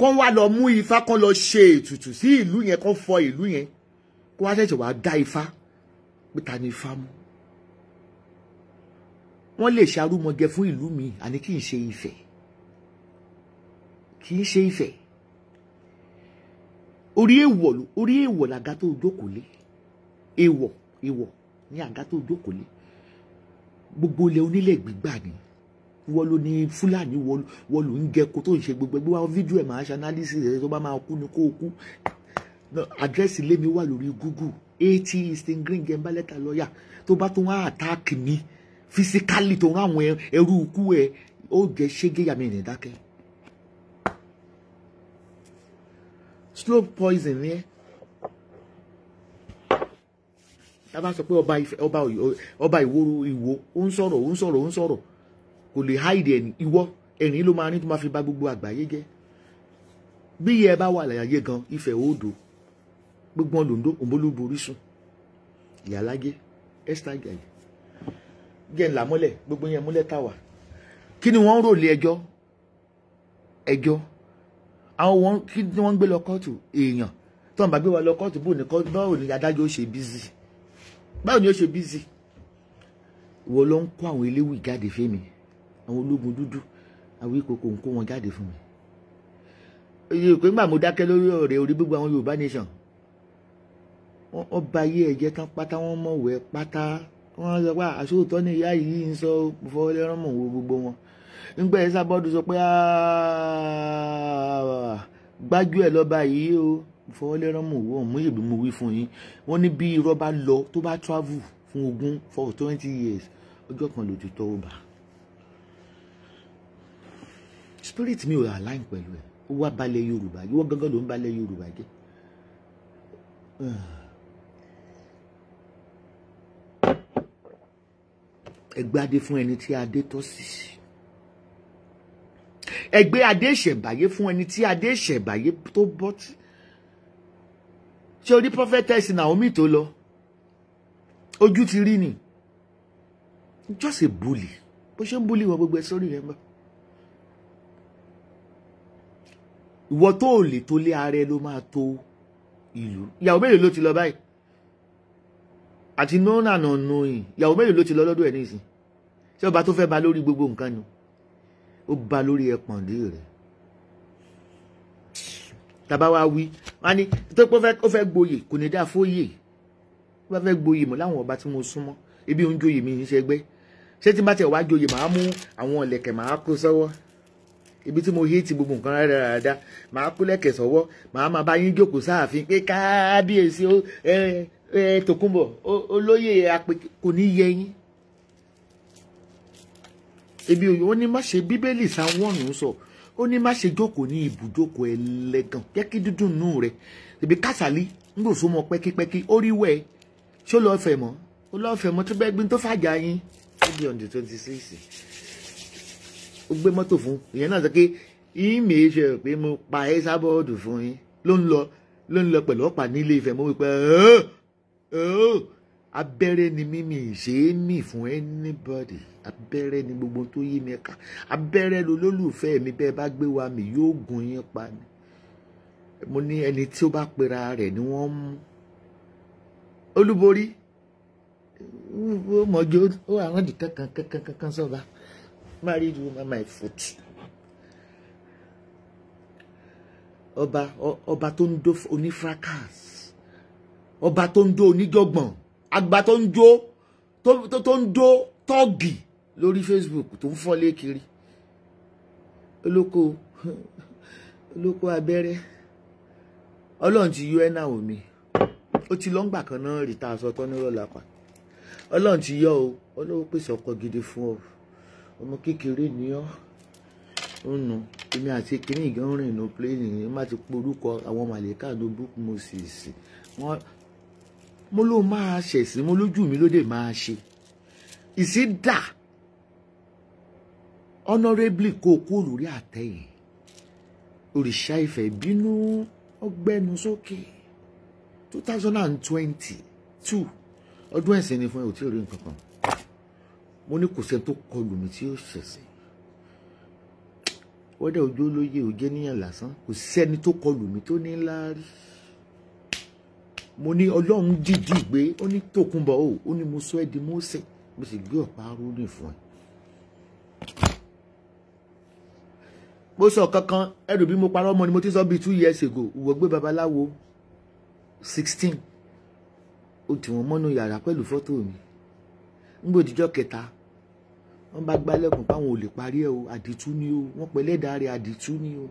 kán wá lọ mú ifá kán lọ ṣe ètùtù sí ìlú yẹn kán fọ ìlú yẹn kó wá ṣẹ̀ṣẹ̀ wàá dá ifá pé ta ni ifá mú wọ́n lè ṣarúmọjẹ fún ìlú mi àní kì í ṣe Ifẹ̀ kì í ṣe Ifẹ̀ orí èèwọ̀ orí èèwọ̀ làga tó jókòó lé èèwọ̀ èèwọ̀ ní àga tó jókòó lé gbogbo ilẹ̀ onílẹ̀ gbígbà ni wọ́n ló ní fúlàní wọ́n ló ń gẹ̀kọ tó ń ṣe gbogbo ẹgbẹ́ wa fídíò ẹ̀ máa ṣe analysis ẹ̀ tó bá máa kú ni kó kú àdírẹ́sì ilé mi wà lórí google eighty eastern green gẹ̀mbá lẹ́tà lọ́ọ̀yà tó bá tún wá àtáàkì mi fisikali tó ń àwọn ẹrú ikú ẹ ó jẹ ṣége yàmi ìrìn dákẹ́. slow poison ni ẹ tá a bá sọ pé ọba ìwòrò ìwò ó ń sọ̀rọ̀ ó ń sọ̀rọ̀ ó ń sọ̀rọ̀ kò lè háìdì ẹ̀yìn ìwọ ẹ̀yìn ló máa ní tó máa fi bá gbogbo àgbáyé jẹ́ bí yẹ bá wà láyé gan Ifẹ̀ òdo gbogbo wọn lòndó òǹbólóbo Orísun ìyálájé Esther Gẹ̀yẹ jẹ́ ńlá mọ́lẹ̀ gbogbo yẹn múlẹ̀ táwa kí ni wọ́n ń rò lé ẹjọ́ ẹjọ́ àwọn wọn kí ni wọ́n ń gbé lọ kóòtù èèyàn tó ń bá gbé wa lọ kóòtù bóun ní kóòtù báwo ni adájọ́ ṣe bízì báwo ni ó ṣe bízì ìwọ ló ń kó àwọn eléwì jáde fẹ́mi àwọn ológun dúdú Awíkòkó ń kó wọn jáde fún mi iye pé nígbà mo dákẹ́ lórí ọ̀rẹ́ orí gbogbo àwọn Yorùbá nation wọ́n ba ayé ẹ̀jẹ̀ tán pátá wọ́n mọ̀wẹ́ pátá wọ́n sọ pé àṣòótọ́ ni ìyá yìí ń sọ fọwọ́lẹ́rán mọ̀ wo gbogbo wọn nígbà yẹn sábọ́ọ̀dù sọ pé gbájú ẹ̀ lọ́ba yìí o fọwọ́lẹ́rán mọ̀ wo mú ìbí mo wí fún yín wọ́n ní bí irọ́ bá lọ tó bá travel fún ogún for twenty years ọjọ́ kan lòdì tọ́wọ́ bá spirit mi ò align pẹ̀lú ẹ̀ ó wá balẹ̀ yorùbá ìwọ gángan ló ń balẹ̀ yorùbá jẹ́ ẹgbẹ́ adé fún ẹni tí adé tọ́ sí ẹgbẹ́ adé ìṣẹ̀báyé fún ẹni tí adé ìṣẹ̀báyé tó bọ́ tí ṣé orí prophetess Naomi tó lọ ojú ti rí ni just a bully bó ṣe ń bully wọn gbogbo ẹ sórí rẹ mọ́. ìwọ tó ò lè tó lé ara ẹ ló máa tó ìlú ìyàwó mélòó ló ti lọ báyìí àti nọ́ọ̀nà náà nọ́ọ̀yìn ìyàwó mélòó ló ti lọ lọ́dún ẹ̀ nísìn ṣé ọba tó fẹ́ ba lórí gbogbo nǹkan ni ó ba lórí ẹpọ̀n dé rẹ̀ tàbá wa wí wọn ni tó pé ó fẹ́ gboyè kò ní dáa fóyè ó bá fẹ́ gboyè mọ́ láwọn ọba tí mo súnmọ́ ebi ń joyè mi ń ṣẹgbẹ́ ṣé tí n bá tẹ̀ wá joyè màá mú àwọn ọ̀lẹ̀kẹ̀ màá kó sọ́wọ́ ibi tí mo hate gbogbo nǹkan rárára màá kú lẹ́kẹ̀ sọ́wọ́ màá máa bá yín jókòó sáàfin pé kábíyèsí ó Tòkunbọ̀ olóyè apè kò ní yẹ yín ebi òyò ó ní má ṣe bíbélì sáwọ́nù sọ ó ní má ṣe jókòó ní ibùjókòó ẹlẹ́gàn jẹ́ kí dídùn nù rẹ̀ ebi kásálí ń gbòòsó mọ pẹ́kípẹ́kí ó rí wẹ̀ ṣó lọ́ọ́ fẹ̀ mọ́ ó lọ́ọ́ fẹ̀ mọ́ tó bẹ́ẹ̀ gbin tó fàjà yín ó di ọ̀dẹ̀ twenty six ó gbé mọ́tò fún ìyẹn náà sọ pé ìmì ṣe rò pé mo pa ẹ sábọ́ọ̀dù fún yín ló ń lọ ló ń lọ pẹ̀lú ọ̀pá nílé Ifẹ̀ mo wí pé abẹ́rẹ́ ni mímì ṣe é mì fún anybody abẹ́rẹ́ ni gbogbo tó yí mi ká abẹ́rẹ́ lolólùfẹ́ mi bẹ́ẹ̀ bá gbé wa mi yóò gun yín pa ni mo ní ẹni tí ó bá pera rẹ̀ ni wọ́n mú olúborí ó mọ̀jọ́ ó àwọn dìtẹ́ kan kankan sọ́ba. So married woman my foot Oba, ọba tó ń dó onífracas ọba tó ń dó oníjọgbọ̀n àgbà tó ń dó tó ń dó tọ́ọ̀gì lórí Facebook tó ń fọ́lé kiri olóko olóko abẹ́rẹ́ ọlọ́run ti yọ o omi ó ti lọ́ngbà kan náà rí tá a sọ tọ́ nírọ̀lá pa ọlọ́run ti yọ o ọlọ́run pèsè ọkọ gidi fún ọ ọmọ kékeré ni ọ́ ó nà èmi àti kínní ìgá ń rìn nù pléènì ní má ti porúkọ àwọn màlẹ́kà ló book moses wọn mo ló máa ṣẹ̀sìn mo lójú mi lóde máa ṣe ìsí dà honorably kó kó lórí àtẹ̀yìn òrìṣà ìfẹ́ bínú ọgbẹ́nu sókè two thousand and twenty two ọdún ẹ̀sìn ni fún ẹ ò tí ì rí nǹkan kan mo ní kò sẹ́ni tó kọlù mí tí ó ṣẹ̀ṣẹ̀ wọ́dà ojú olóye òjé níyàn lásán kò sẹ́ni tó kọlù mí tó ní ńlá rí mo ní ọlọ́run dìdí gbé ó ní tòkunbọ̀ o ó ní mo sọ ẹ́ di Mósè mo sì gbé ọ̀pá rúnì fún ẹ. mo sọ kankan ẹrù bí mo parọ́ mọ́ ni mo ti sọ bíi two years ago ìwọ gbé babaláwo sixteen ó tì wọ́n mọ́nú yàrá pẹ̀lú fọ́tò mi ngbòdìjọ́ kẹta wọ́n bá gbálẹ̀kùn páwọn ò parí ẹ̀ o àdìtú ni o wọ́n pẹ́ lẹ́dàá rẹ̀ àdìtú ni o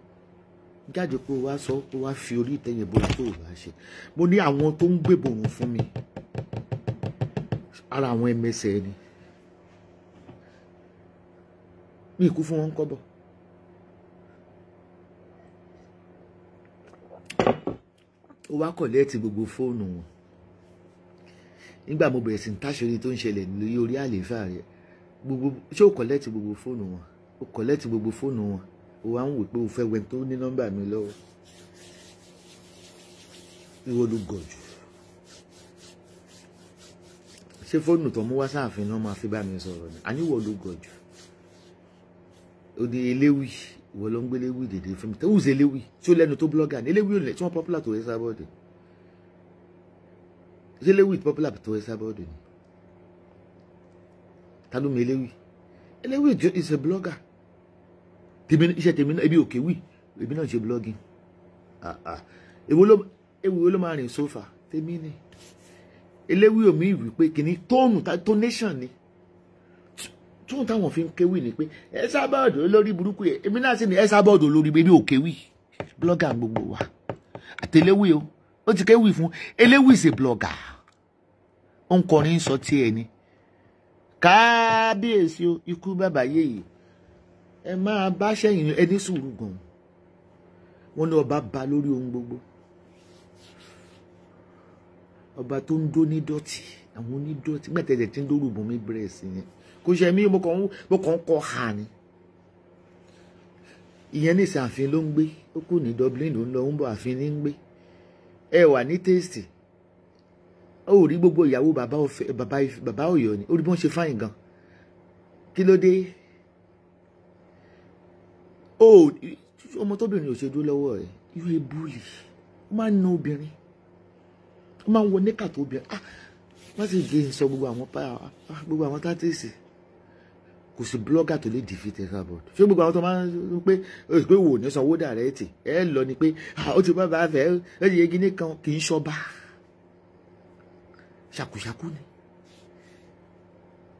jáde kó o wá sọ kó o wá fi orí ìtẹ̀yìn bóra tó o bá ṣe mo ní àwọn tó ń gbèbòrùn fún mi ara àwọn ẹmẹsẹ̀ ni mi ìkú fún wọn ń kọ́bọ̀ ó wá kọ̀lẹ́ẹ̀tì gbogbo fóònù wọn nígbà mo bẹ̀rẹ̀ sí ń táṣírí tó ń ṣẹlẹ̀ lórí àlééfà rẹ̀ gbogbo ṣé o kọ̀lẹ́tì gbogbo fóònù wọn o kọ̀lẹ́tì gbogbo fóònù wọn o wá ń wò pé o fẹ́ wẹ́n tó ní nọ́mbà mi lọ́wọ́ ìwọ ló gọ̀ jù ṣé fóònù tó mú wá sáàfin náà máa fi bá mi sọ̀rọ̀ ni àní ìwọ ló gọ̀ jù o ní eléwì ìwọ ló ń gbé eléwì dèdè fún mi tó wùsẹ̀ eléwì tí ó lẹ́nu tó blọ́gà ní eléwì ò lẹ̀ tí wọ́n popular tó ẹ sábọ́ọ̀dì ṣé eléwì popular tó ẹ sábọ́ọ̀dì ni ta ló elewi is a blogger Temin, iṣẹ́ temin, náà ebi òkè wì èmi náà ṣe blogging ah, ah. èwo ló èwo ló máa rìn sófà tèmi ni eléwì omi wì kini kìíní ta tonation ni tóun táwọn fi ń kéwì ni pé ẹ sábàdò lórí burúkú yẹ èmi náà sì ní ẹ sábàdò lórí bébí òkè wì blogger gbogbo wa Atelewi o ó ti kéwì fun. Elewi is a blogger On ń kọrin sọ tiẹ̀ ni kábíyèsí o ikú bàbá yéyè ẹ máa bá sẹ́yìn ẹni sùúrù gan wọ́n ní ọba ba lórí ohun gbogbo ọba tó ń dó ní dọ̀tí àwọn onídọ̀tí gbẹ̀tẹ̀tẹ̀ tí ń dó rògbòn mi bẹ̀rẹ̀ sí yẹn kò ṣe mí mo kàn ń kọ ha ni ìyẹn ní ìsàfin ló ń gbé ó kù ní Dublin ló ń lọ ń bọ̀ àfin ní ń gbé ẹ wà ní tèèstì ó rí gbogbo ìyàwó bàbá ọ̀fẹ́ bàbá bàbá Ọ̀yọ́ ni ó rí bí wọ́n ṣe fáyìn gan kí ló dé ó ọmọ tóbìnrin ò ṣe dúró lọ́wọ́ rẹ̀ yóò ẹ búlì ó máa ń na obìnrin ó máa ń wọ níkà tó obìnrin ah wọ́n sì gé sọ gbogbo àwọn ah, gbogbo àwọn tátìsì kò sí blọ́gà tó lè defeat Esabod ṣé gbogbo àwọn tó máa ń pé pé wò ní sanwó dàrẹ́ẹ̀tì ẹ lọ ni pé ah, ó ti bá bá fẹ́ ẹ yege nìkan kì í ṣọba ṣàkúṣàkú ni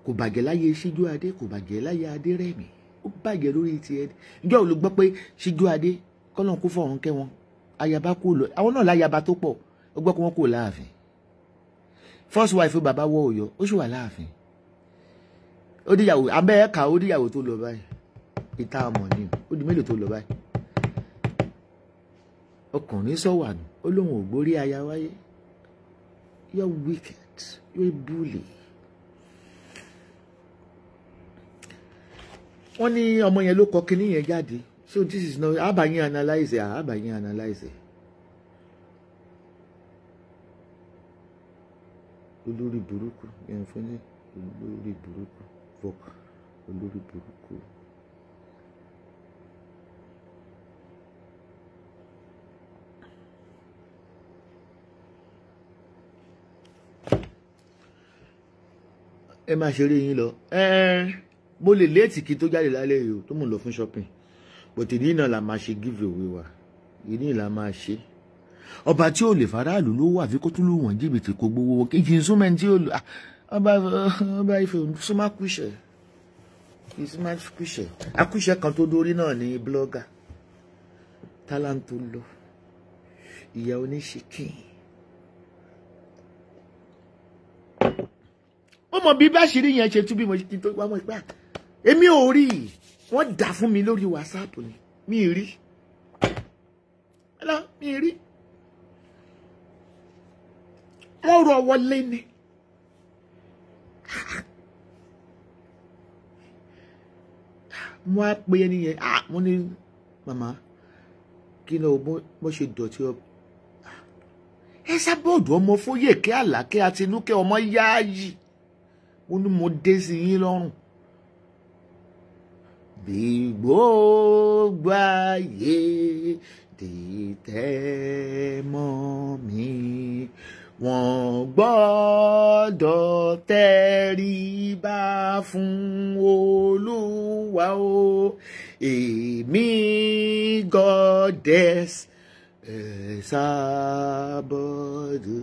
kò bàjẹ́ láyé síjú adé kò bàjẹ́ láyé adé rẹ̀mí ó bàjẹ́ lórí tiẹ̀ ìjọ ò ló gbọ́ pé síjú adé kọ́lọ́n kó fọ̀run kẹ́ wọn ayaba kò lọ àwọn náà láyaba tó pọ̀ ó gbọ́ pé wọ́n kò láàfin first wife bàbá wọ Ọ̀yọ́ ó sì wà láàfin ó díyàwó abẹ́ ẹ̀ka ó díyàwó tó lọ báyìí ìta àmọ̀ ni ó di mélòó tó lọ báyìí ọkùnrin sọ̀wà nù ó lóun ò gbórí aya You're wicked. You're a bully. wọ́n ní ọmọ yẹn ló kọ kinní so this is no. abayin analyze ah analyze olórí buruku. yẹn fún ní olórí burúkú olórí burúkú. ẹ máa ṣeré yín lọ mo lè léètì kí tó jáde lálẹ́ yìí o tó mò ń lọ fún shopping but ìdí náà la máa ṣe give away wa ìdí la máa ṣe ọba tí ò lè faraàlú ló wà fi kó tún lù wọ́n jìbìtì kó gbowó wọn kejì ń súnmọ́ ẹni tí ò lù ah, ọba ọba ife súnmọ́ kúṣẹ̀ súnmọ́ kúṣẹ̀ akúṣẹ̀ kan tó dórí náà ní blogger tálántó lọ ìyá oníṣìkìn mọ̀ bí bá ṣírí yẹn ṣe tú bí mo ṣe tó wá mọ̀ ìgbà ah, èmi ò rí wọ́n dà fún mi lórí wàsáàpù ni mi rí ẹlá mi rí wọ́n rọ wọlé ni mo á pe ẹni yẹn ah, mo ní màmá kí ló bó ṣe dọ̀tí ọ ah, ẹ sábọ̀dù ọmọ fóyè kí àlàkẹ́ àtinúkẹ́ ọmọ yááyì ó ní mo dé sí yín lọ́rùn bí gbogbo ayé dìtẹ̀ mọ́ mi wọ́n gbọ́dọ̀ tẹríba fún olúwa o èmi goddess ẹ̀ sábọ́dọ̀.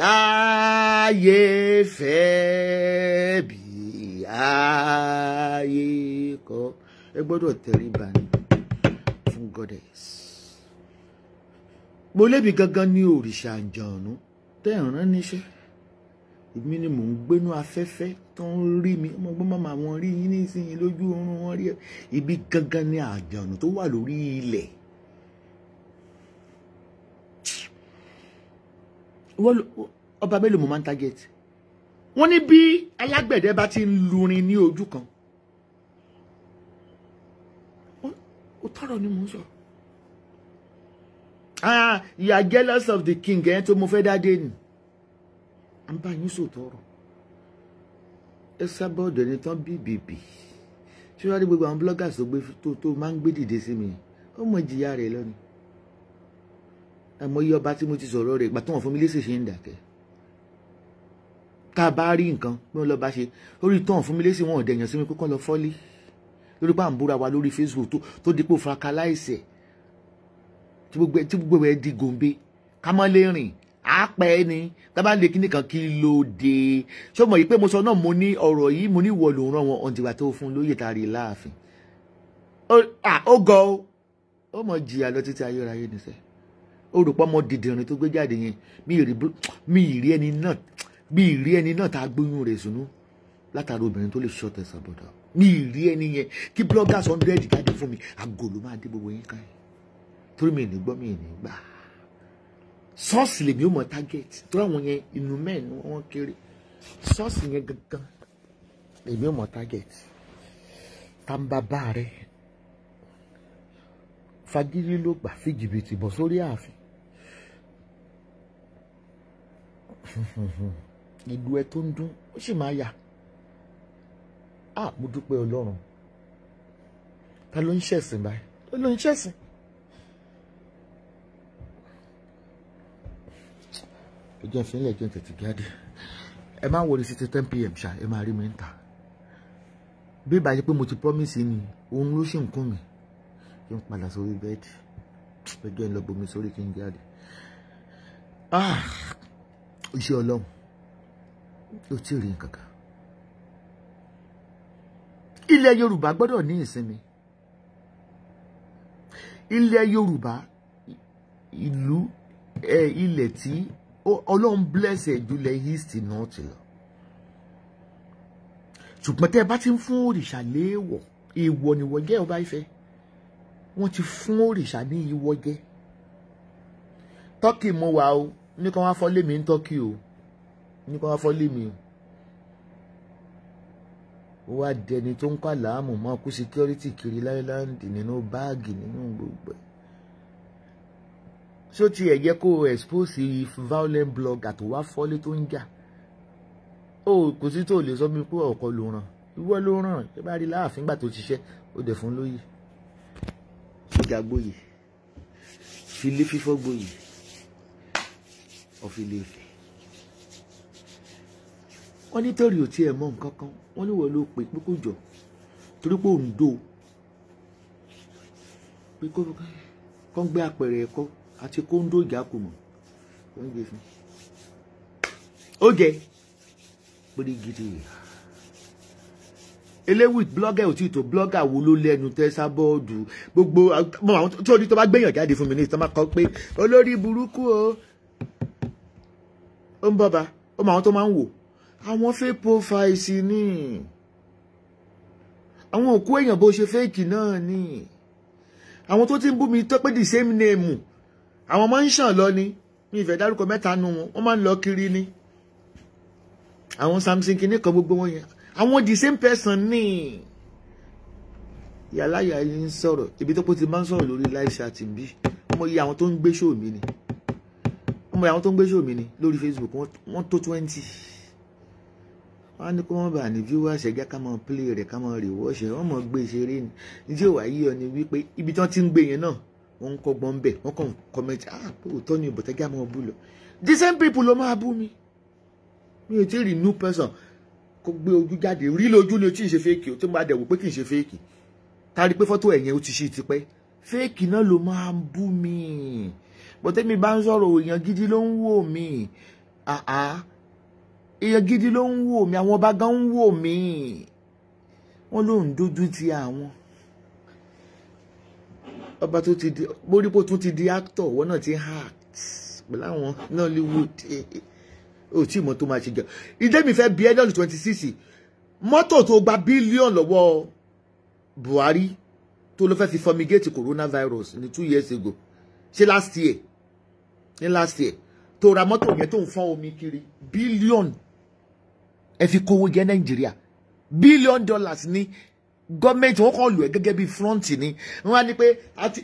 ayé fẹ́ bí ayé kọ̀ ẹ gbọ́dọ̀ tẹríba ni fún goddess mo lébi gangan ní òrìṣà àjànú tẹ́ ẹ̀ rán níṣẹ́ èmi ni mò ń gbénú afẹ́fẹ́ tó ń rí mi ọmọ gbọ́n màmá wọn rí yín nísìnyí lójú oorun wọn rí ibi gangan ní àjànú tó wà lórí ilẹ̀ ọba mélòó mo máa ń target wọ́n ní bí alágbẹ̀dẹ bá ti ń lurin ní ojú kan ó tọrọ ni mò ń sọ ah you are jealous of the king ẹ̀ eh, tó mo fẹ́ dá dé nì à ń bá yín sòtọ́rọ̀ ẹ sábọ́ọ̀dù ẹni tán bíbìbì tí wọ́n á rí gbogbo àwọn bloggers tó máa ń gbé dìde sí mi ó mọ ìjìyà rẹ̀ lónìí àmọye ọba tí mo ti sọ̀rọ̀ rẹ̀ ìgbà tí wọ́n fún mi léṣe ṣe ń dàkẹ́ tá a bá rí nǹkan bí wọ́n lọ bá ṣe lórí tán fún mi léṣe wọn ò dẹ̀yàn sí mi kó kán lọ fọ́lí lórí pà búra wa lórí Facebook tó dípò fakaláìsẹ̀ tí gbogbo ẹ̀ di gòǹbe ká má lè rìn àápẹ́ ni tábà lè kí nìkan kí ló dé ṣé o mọ̀ yìí pé mo sọ náà mo ní ọ̀rọ̀ yìí mo ní ìwọ ló ràn wọn ọ̀ǹtìgbà tó fún lóyè tá a rí láàfin ó gọ ó mọ̀ jìyà lọ títí ayérayé nìṣẹ́ ó rò pọ́ mọ́ dìdìrín tó gbé jáde yẹn mi ìrí ẹni náà mi ìrí ẹni náà tá a gbóyún rẹ̀ sùnú látara obìnrin tó lè ṣọ́tẹ̀ sàbọ̀dà mi ìrí ẹni yẹn kí bloggers hundred jáde fún mi àgò máa dé gbogbo yín káyìn torí mi ní gbọ́ mi ní gbà sọ́ọ̀sì lèmi ó mọ target torí àwọn yẹn inú mẹ́rin wọ́n kéré sọ́ọ̀sì yẹn gangan lèmi ó mọ target tàǹbàbà rẹ̀ fagilé ló gbà fi jìbìtì bọ̀ sórí ààfin ìlú ẹ tó ń dún ó sì máa yà á mo dúpẹ́ ọlọ́run ta ló ń ṣẹ̀sìn báyìí ta ló ń ṣẹ̀sìn. ẹ jẹ́ ìfínlẹ̀ jẹ́ tètè jáde ẹ máa wọlé sí ti ten pm ṣá ẹ máa rí mi ń ta bí ìbá jẹ́ pé mo ti promise ni òun ló ṣì ń kún mi kí n padà sórí bẹ́ẹ̀dì ẹ jẹ́ ń sórí kí n jáde. Ah iṣẹ́ ọlọ́run ló ti rí nǹkan kan ilẹ̀ yorùbá gbọ́dọ̀ ní ìsinmi ilẹ̀ yorùbá ìlú ẹ ilẹ̀ tí ọlọ́run bless ẹ̀ jùlẹ̀ east north lọ ṣùgbọ́n tẹ́ ẹ bá ti ń fún òrìṣà léèwọ̀ èèwọ̀ nìwọ̀ jẹ́ ọba ìfẹ́ wọ́n ti fún òrìṣà ní ìwọ tọ́kì mọ́ wa o ní kí wọ́n fọ́lé mi ń tọ́kì o ní kí wọ́n fọ́lé mi o wá dẹni tó ń kọ́ àlàámù mọ́ kú síkírọ́rìtì kiri láíláńdì nínú báàgì nínú gbogbo ẹ̀ ṣó ti ẹ̀ yẹ kó o expose violent blogger tó wá fọ́lé tó ń jà ó kò sí tó lè sọ mi pé ọ̀kọ́ ló ràn ìwọ ló ràn ẹ bá rí láàfin gbà tó ṣiṣẹ́ ó dẹ̀ fún lóyè ìgbàgbóyè filé fífọ́ gboyè of Ilé Ifẹ̀ wọ́n nítorí ò tiẹ̀ mọ nǹkan kan wọ́n ní wọ́n ló pe pé torí pé òun pé kó kán gbé apẹ̀rẹ̀ ẹ̀kọ́ àti kóńdó ìjà kò mọ̀ kó ń gbé fún ó jẹ péré gidi eléwìt blogger ò tí tó blogger wo ló lẹ́nu tẹsán bọọdù gbogbo àwọn tí ó ní tó bá gbẹyàn jáde fún mi ní ìtàn máa kọ pé olórí burúkú o ó ń bọ́ba ó mọ àwọn tó máa ń wò àwọn fake profiles ni àwọn òkú èèyàn bó ṣe fake náà ni àwọn tó ti ń bú mi the same name àwọn máa ń ṣàn lọ ni mi ìfẹ́ dárúkọ mẹ́ta nu wọn wọ́n máa ń lọ kiri ni àwọn Samson kìíní kan gbogbo wọn yẹn àwọn the same person ni yàrá yàrá yìí ń sọ̀rọ̀ ibi tó pọ̀ ti máa ń sọ̀rọ̀ lórí live chat bí ọmọ iye àwọn tó ń gbé ṣòmí ni wọ́n mọ àwọn tó ń gbé ṣòmí ni lórí Facebook wọ́n tó twenty wọ́n á ní kó wọ́n bá ní viewers ẹ̀já ká máa play rẹ̀ ká máa rewatch rẹ̀ wọ́n mọ̀ gbé e ṣeré ni níjẹ́ òwà yíyọ ni wípé ibi tí wọ́n ti ń gbé yẹn náà wọ́n ń kọ́gbọ́n ń bẹ̀ wọ́n kàn comment ah pé òótọ́ ni ìbọ̀tẹ́jà máa bú lọ the same people ló máa bú mi mi ò tí ì rí new person kó gbé ojú jáde rí lójú ni o tí ì ṣe fake o tí mo bá dẹ̀ wò pé kì í ṣe fake tari pé fọ́tò ẹ̀yẹn ó ti ṣe ti fake náà ló máa ń bú mi bọ́tẹ́mi bá ń sọ̀rọ̀ èèyàn gidi ló ń wò mí èèyàn gidi ló ń wò mí àwọn ọba gan ń wò mí wọ́n ló ń dojú ti àwọn ọba tó ti di borípo tún ti di actor wọn náà ti act pẹ̀lú àwọn Nollywood ò tí mọ̀ tó máa ṣe jẹ ìdẹ́mi fẹ́ bí ẹ́dọ́nù twenty six mọ́tò tó gba bílíọ̀nù lọ́wọ́ Buhari tó ló fẹ́ fi fumigate coronavirus ní two years ago ṣé last year ní last year tó ra mọ́tò yẹn tó ń fọ́n omi kiri bílíọ̀nù ẹ fi kówó jẹ nàìjíríà bílíọ̀nù dollars ní gọ́ọ̀mẹ̀ntì wọn kàn lù ẹ́ gẹ́gẹ́ bí front ni wọn á ní pé àti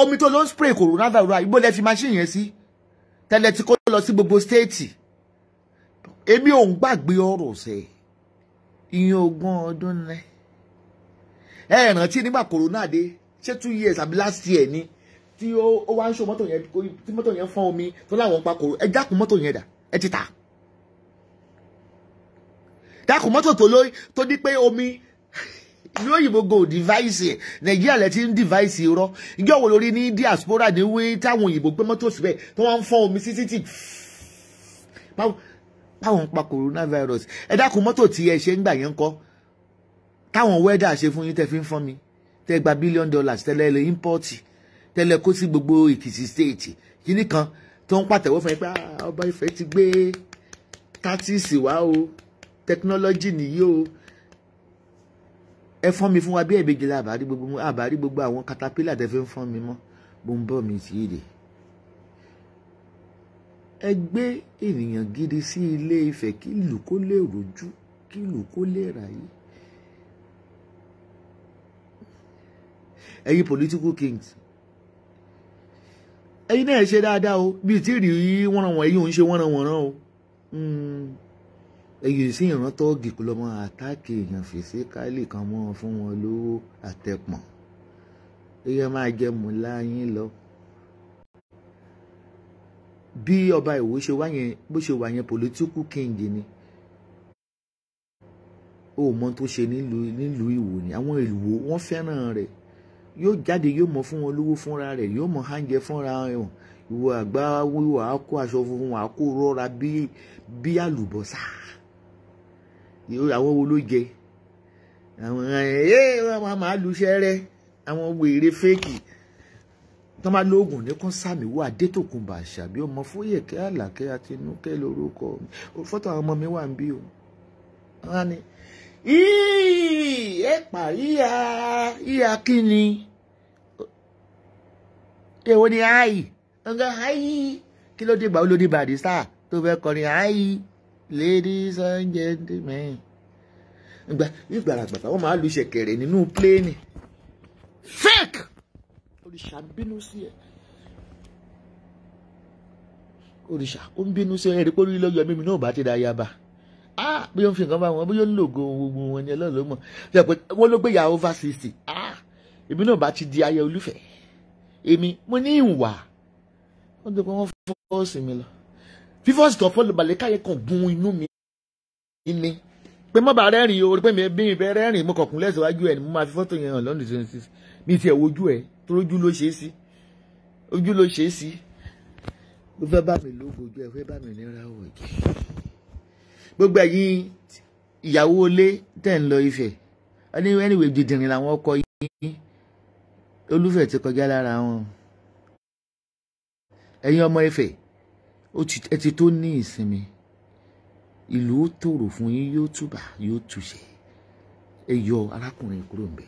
omi tó ló ń spray coronavirus ibo lẹ fi machine yẹn sí tẹ́lẹ̀ tí kò lọ sí gbogbo stéètì èmi ò ń gbàgbé ọ̀rọ̀ ṣe ìyẹn ogún ọdún rẹ ẹ rántí nígbà corona dé ṣé two years àbí last year ni tí ó wá ń ṣó mọ́tò yẹn tí mọ́tò yẹn fọ́n omi tó láwọn pa kòrò ẹ dákun mọ́tò yẹn dà ẹ ti tà dákun mọ́tò tó ní pé omi ìlú òyìnbó go device ẹ nàìjíríà lẹ ti ń device irọ́ ìjọ wo lórí ní diaspora ní wí táwọn òyìnbó gbé mọ́tò síbẹ̀ tó wọ́n ń fọ́n omi sí títì báwọn pa coronavirus ẹ dákun mọ́tò tí ẹ ṣe ń gbà yẹn kọ́ táwọn wẹ́dà ṣe fún yín tẹ́ fi ń fọ́n mi tẹ́ gba billion dollars tẹ́lẹ̀ lè ímpọ́ọ̀tì tẹ́lẹ̀ kó sí gbogbo Èkìtì stéètì kíní kan tó ń pàtẹ́wọ́ fún yín pé ah, ọba Ifẹ̀ ti gbé tátìsì wá o tẹkinọ́lọ́jì nìyí o ẹ fọ́n mi fún wa bí ẹ̀ẹ́dẹ́gbẹ̀jì la àbárí gbogbo àbárí gbogbo àwọn katapila tẹ́ fi ń fọ́n mi mọ́ bó ń bọ̀ mí sí èdè. ẹ gbé ènìyàn gidi sí ilé Ifẹ̀ kí ìlú kó lè rojú kí ìlú kó lè ráyè. ẹ̀yin political kings ẹ̀yin náà ṣe dáadáa o bíi tí rí wọ́nranwọ̀n ẹ̀yin òun ṣe wọ́nranwọ̀nran o hmm. ẹ̀yin sì ìran tọ́ọ̀gì kò lọ mọ àtáàkì èèyàn fèsì káálì kan mọ́ fún wọn lówó àtẹ̀pọ̀n ẹ̀yẹ máa jẹ mùlá yín lọ. bí ọba Ìwó ṣe wá yẹn bó ṣe wà yẹn pòlítíkù kíngì ni ó mọ tó ṣe nílùú Ìwó ni àwọn Ìwó wọ́n fẹ́ràn rẹ̀ yóò jáde yóò mọ fún wọn lówó fúnra rẹ̀ yóò mọ hánjẹ fúnra wọn ìwọ àgbà wíwọ á kó aṣọ funfun wà á kó rọra bí bí àlùbọ́sà àwọn wo ló jẹ àwọn ẹ wọn máa lu iṣẹ́ rẹ̀ àwọn wèrè fẹẹkì tọ́ máa lóògùn ní kán adétòkùnbà àṣàbí ọmọ fóyè kẹ́ àlàkẹ́ àtinúkẹ́ lórúkọ fọ́tò àwọn ọmọ mi wà ń bí o ẹ pa ìyá ìyá kí ni èwo ni ayi ọ̀gá ayi kí ló dé gbà ó ló dé bàdí sáà tó fẹ́ kọrin ayi ladies and gentlemen ìgbà ìgbàlagbà táwọn máa lu ìṣẹ̀kẹ̀rẹ̀ nínú pléènì fake òrìṣà ń bínú sí ẹ òrìṣà ó ń bínú sí ẹ ẹ rí pé orí lọ́yọ̀ mímu náà bá ti da yaba ah bóyá ó fi nǹkan bá wọn bóyá ó ń lògo gbogbo wọn ni Ọlọ́run ló mọ̀ wọ́n ló gbé ya over sixty ah èmi náà bá ti di ayé olúfẹ́ èmi mo ní ìwà wọ́n tó pé wọ́n fọ́ọ̀sì mi lọ fífọ́ọ̀sì tó fọ́ọ̀lù balẹ̀ káyé kan gun inú mi ni pé má bàa rẹ́rìn o pé mi bí mi fẹ́ rẹ́rìn mo kọ̀kún lẹ́sẹ̀ wájú ẹ̀ ni mo máa fi fọ́tò yẹn hàn lọ́dún twenty six mi tiẹ̀ wojú ẹ̀ torí ojú ló ṣe é sí ojú ló ṣe é sí mi lógo ojú gbogbo ẹ̀yin ìyàwó ilé tẹ̀ ń lọ Ifẹ̀ anyway dìdìrín làwọn ọkọ yín olúfẹ̀ ti kọjá lára wọn ẹ̀yin ọmọ Ifẹ̀ ẹ ti tó ní ìsinmi ìlú tòrò fún yín yóò túbà yóò túṣe ẹ yọ arákùnrin kúrò ń bẹ.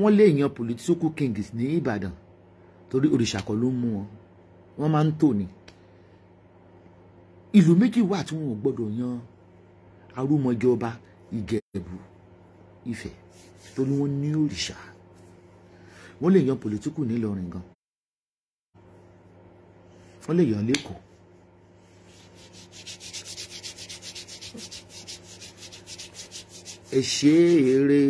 wọ́n lé èèyàn political kings ní Ìbàdàn torí òrìṣà kan ló mú wọn wọ́n máa ń tò ní ìlú méjì wà tí wọn ò gbọ́dọ̀ yan arúmọjọba ìjẹ̀bú ifẹ̀ torí wọ́n ní òrìṣà wọ́n lè yan pòlítíkù nílọrin gan wọ́n lè yan lẹ́kọ̀ọ́ ẹ ṣe eré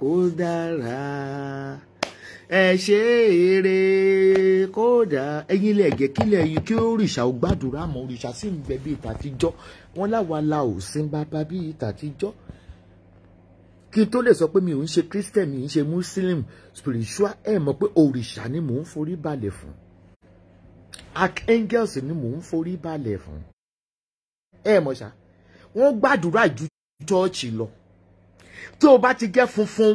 kó dára ẹ ṣe eré kódà ẹ̀yin ilé ẹgẹ kílẹ yìí kí òrìṣà ò gbàdúrà mọ́ òrìṣà sì ń bẹ bí ìtàtijọ́ wọn láwa la ò sin bàbá bí ìtàtijọ́ kí tó lè sọ pé mi ò ń ṣe christian mi ń ṣe muslim spiritual ẹ mọ̀ pé òrìṣà ni mò ń forí balẹ̀ fún archangels ni mò ń forí balẹ̀ fún ẹ mọ̀ ṣá wọ́n gbàdúrà ju chọ́ọ̀chì lọ tó o bá ti jẹ́ funfun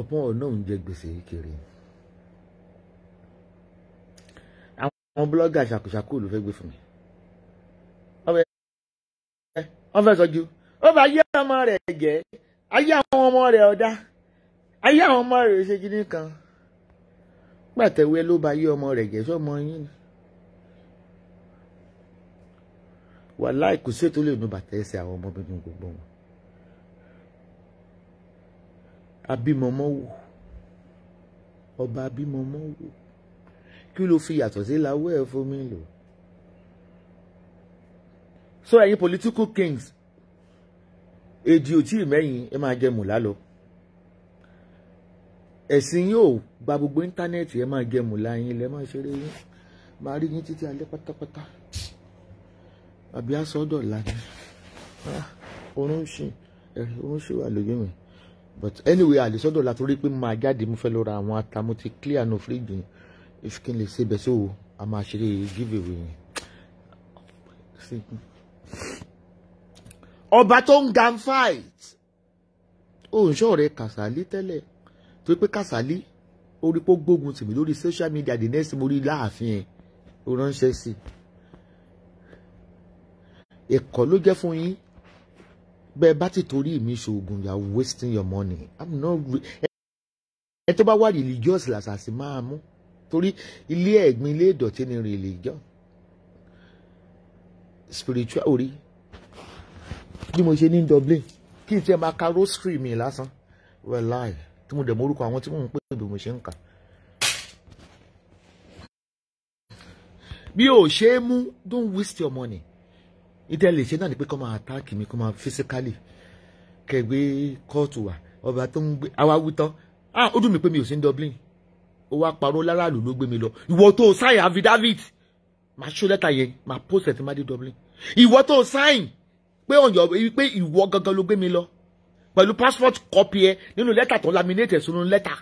ọ̀pọ̀ ọ̀nà òun jẹ gbèsè kiri àwọn búlọ́gà ṣàkóṣàkó ló fẹ́ gbé fún mi wọ́n fẹ́ sọ ju ó bá yé ọmọ rẹ̀ jẹ́ ayé àwọn ọmọ rẹ̀ ọ̀dá ayé àwọn ọmọ rẹ̀ ṣe gidi kan pàtẹ́wé ló bá yé ọmọ rẹ̀ jẹ́ sọ́mọ yín ni wàláì kò sí ètò lè nu bàtẹ́ ẹsẹ̀ àwọn ọmọbìnrin gbogbo wọn. abímọmọ wò ọba abímọmọ wò kí ló fi yàtọ̀ sí lawọ́ ẹ̀ fún mi lò so ẹ̀yin political kings èdè òtí mẹ́yìn ẹ máa jẹ mùlá lọ ẹ̀sìn yóò gba gbogbo íńtánẹ́ẹ̀tì ẹ máa jẹ mùlá yín lẹ máa ṣeré yín máa rí yín títí alẹ́ pátápátá àbí aṣọ ọ̀dọ̀ lánàá ah, orun ṣì orun ṣì wà lójú mi but anyway àlesọ́dọ̀ la torí pé máa jáde mo fẹ́ lọ ra àwọn ata mo ti clear no fridge yẹn if kí n lè ṣe bẹ́ẹ̀ so a máa ṣeré give away yẹn. ọba tó ń gan fight ó ń ṣọ̀rẹ́ Kàsálí tẹ́lẹ̀ torí pé Kàsálí ó pé ó gbógun tì mí lórí social media the next mo rí láàfin ẹ̀ ó ránṣẹ́ sí i ẹ̀kọ́ ló jẹ́ fún yín bẹ́ẹ̀ bá ti torí mi ṣoògùn you are wasting your money i'm not ẹ tó bá wà religious làṣàṣì máa mú torí ilé ẹ̀gbin ilé ìdọ̀tí ni religion spiritual orí bí mo ṣe ní Dublin kí n tiẹ̀ máa ka rosary mi lásán well lie tí mo dẹ̀ mọ orúkọ àwọn tí mò ń pè bí mo ṣe ń kà. bí o ṣe é mú don't waste your money ìdẹ́ lè ṣe náà ni pé kọ́ máa attack mi kọ́ máa physically kẹgbẹ́ kóòtù wa ọba tó ń gbé àwa wítọ́ ah ó dùn mí pé mi ò sí Dublin ó wá parọ́ láràlú ló gbé mi lọ ìwọ tó sign affidavit máa ṣó lẹ́tà yẹn máa post ẹ̀ tí máa dé Dublin ìwọ tó sign pé ọ̀yọ́ pé ìwọ gangan ló gbé mi lọ pẹ̀lú passport copy ẹ nínú lẹ́tà tó laminate ẹ̀ sínú lẹ́tà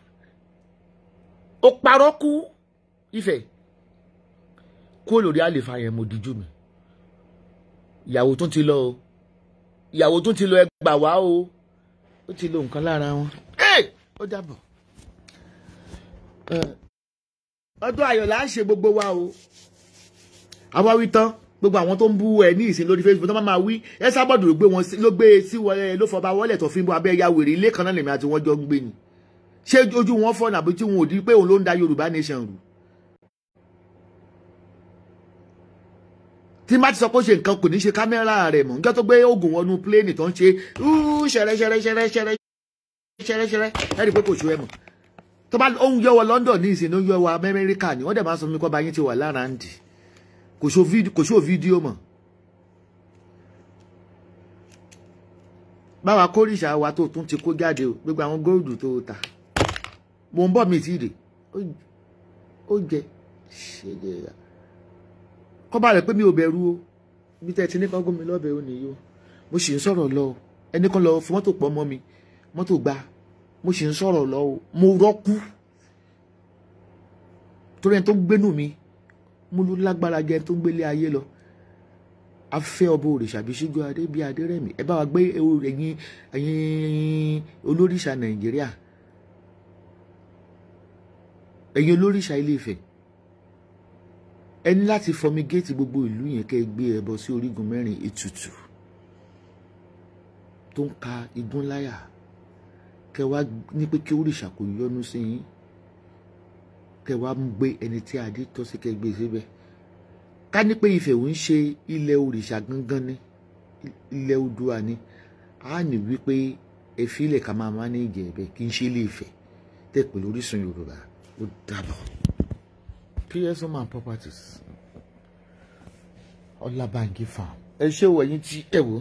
ó parọ́ kú Ifẹ̀ kúrò lórí àlefa ìyàwó tún ti lọ o ìyàwó tún ti lọ ẹgbà wá o ó ti lo nǹkan lára wọn ó dàbọ̀ eh, ọdún ayọ̀ là ń ṣe gbogbo wa o àwa wí tán gbogbo àwọn tó ń bú ẹ ní ìsìn lórí Facebook tó máa wí ẹ sábọ̀dù ló gbé wọn ló gbé sí wọlé eh, ló fọba wọlé tó fi ń bọ abẹ́ ya wèrè ilé kan náà lèmi àti wọn jọ ń gbé ni ṣé ojú wọn fọ́ nàbí tí wọn ò di pé òun ló ń da Yorùbá nation rù tí má ti sọ pé ó ṣe nǹkan kò ní ṣe kámẹ́rà rẹ̀ mọ̀ níjọ́ tó gbé oògùn wọnú pléènì tó ń ṣe ṣẹrẹ ṣẹrẹ ṣẹrẹ ṣẹrẹ ṣẹrẹ ṣẹrẹ ẹ rí i pé kò ṣe ẹ mọ̀ tó bá ohun yọ wọ London ní ìsìn ló yọ wọ Amẹ́ríkà ni wọ́n dẹ̀ máa sọ fún mi kọ́ bá yín ti wà lára ń dì kò ṣó fídíò mọ̀ báwa kórìṣà wa tó tún ti kó jáde o gbogbo àwọn góòdù tó ta mo ń bọ̀ mi ti rè ó jẹ ṣẹlẹ̀ yàrá kọ́ bá rẹ̀ pé mi ò bẹ̀rù o bí tẹ́ ti ní kán gún mi lọ́bẹ̀ ò o mo sì ń sọ̀rọ̀ lọ o ẹnì kan lọ fi mọ́tò pọ̀ mọ́ mi mọ́tò gba mo sì ń sọ̀rọ̀ lọ o mo rọ́kú torí ẹni tó ń gbénú mi mo ló lágbára jẹ ẹni tó ń gbélé ayé lọ afẹ́ ọba òrìṣà bíi ṣíjú adé bíi adérẹ̀mí ẹ bá wa gbé ẹ̀yin olóríṣà nàìjíríà ẹ̀yin olóríṣà ilé Ifẹ̀ ẹ ní láti fọmigéètì gbogbo ìlú yẹn kẹ́ ẹ gbé ẹbọ sí orígun mẹ́rin ètùtù tó ń ka igun láyà kẹ́ wá ní pé kí òrìṣà kò yọ́nú sí yín kẹ́ wá ń gbé ẹni tí adé tọ́ sí kẹ́ gbé síbẹ̀ ká ní pé Ifẹ̀ ò ń ṣe ilẹ̀ òrìṣà gangan ni ilẹ̀ Oòduà ni a ní wípé ẹ̀fílẹ̀ ká máa má ní ìjẹ̀bẹ̀ kí n ṣe ilé Ifẹ̀ tẹ̀ pẹ̀lú Orísun Yorùbá ó dàbọ̀. PS Home and Properties Ọlábànjí farm ẹ ṣé o ẹ̀yin tí ẹ wò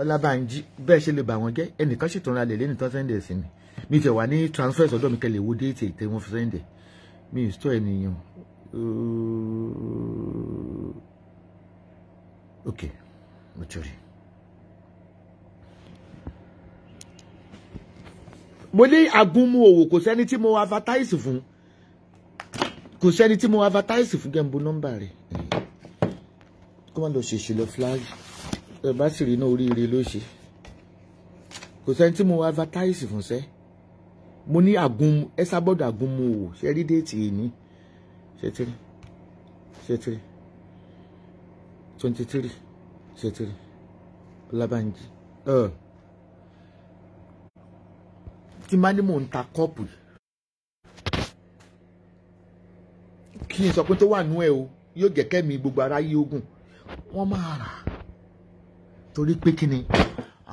Ọlábànjí bẹ́ẹ̀ ṣe lè bà wọ́n jẹ́ ẹnìkan ṣètò ìrìnàlè lẹ́ni tó sẹ́ńdẹ̀ sí mi mi tẹ̀ wá ní transfer sọ́dọ̀ mi kẹlẹ̀ wo déètì èyí tẹ́ wọ́n fi sẹ́ńdẹ̀ mi ì sọ ènìyàn ok mo ti rí. mo ní agunmu òwò kò sẹ́ni mo advertise fún un kò sẹ́ni tí mo advertise fún gẹ́ǹbo nọ́mbà rẹ̀ kó má lọ ṣèṣì lọ flag ẹ bá sì rí iná oríire ló ṣe kò sẹ́ni tí mo advertise fún sẹ́ mo ní àgùn ẹ sábọ́dọ̀ àgùn mo wò ṣe rí déètì èní ṣètìrì ṣètìrì twenty three ṣètìrì Ọlábánjí tí má ní mò ń ta kọ́ọ̀pù yìí kí n sọ pé tó wà nú ẹ o yóò jẹ́ kẹ́mi gbogbo ara yí ogun wọ́n máa rà torí pé kí ni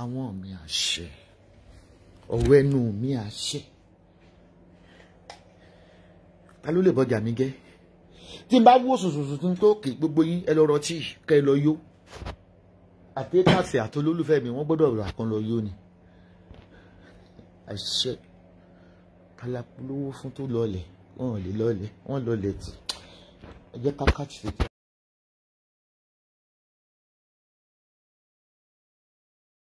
àwọn mi àṣẹ ọ̀rọ̀ ẹnu mi àṣẹ ta ló lè bọjà mi gẹ́ tí n bá wó sùsùsù tó ń tó kì í gbogbo yín ẹ lọ rọtí kẹ ẹ lọ yó àtẹ́kàsẹ̀ àtolólùfẹ́ mi wọ́n gbọ́dọ̀ rà kan lọ yó ni àṣẹ kálápolówó fún tó lọlẹ̀ wọn ò lè lọlẹ̀ wọn lọlẹ̀ tì í. Ya kakaç dedi.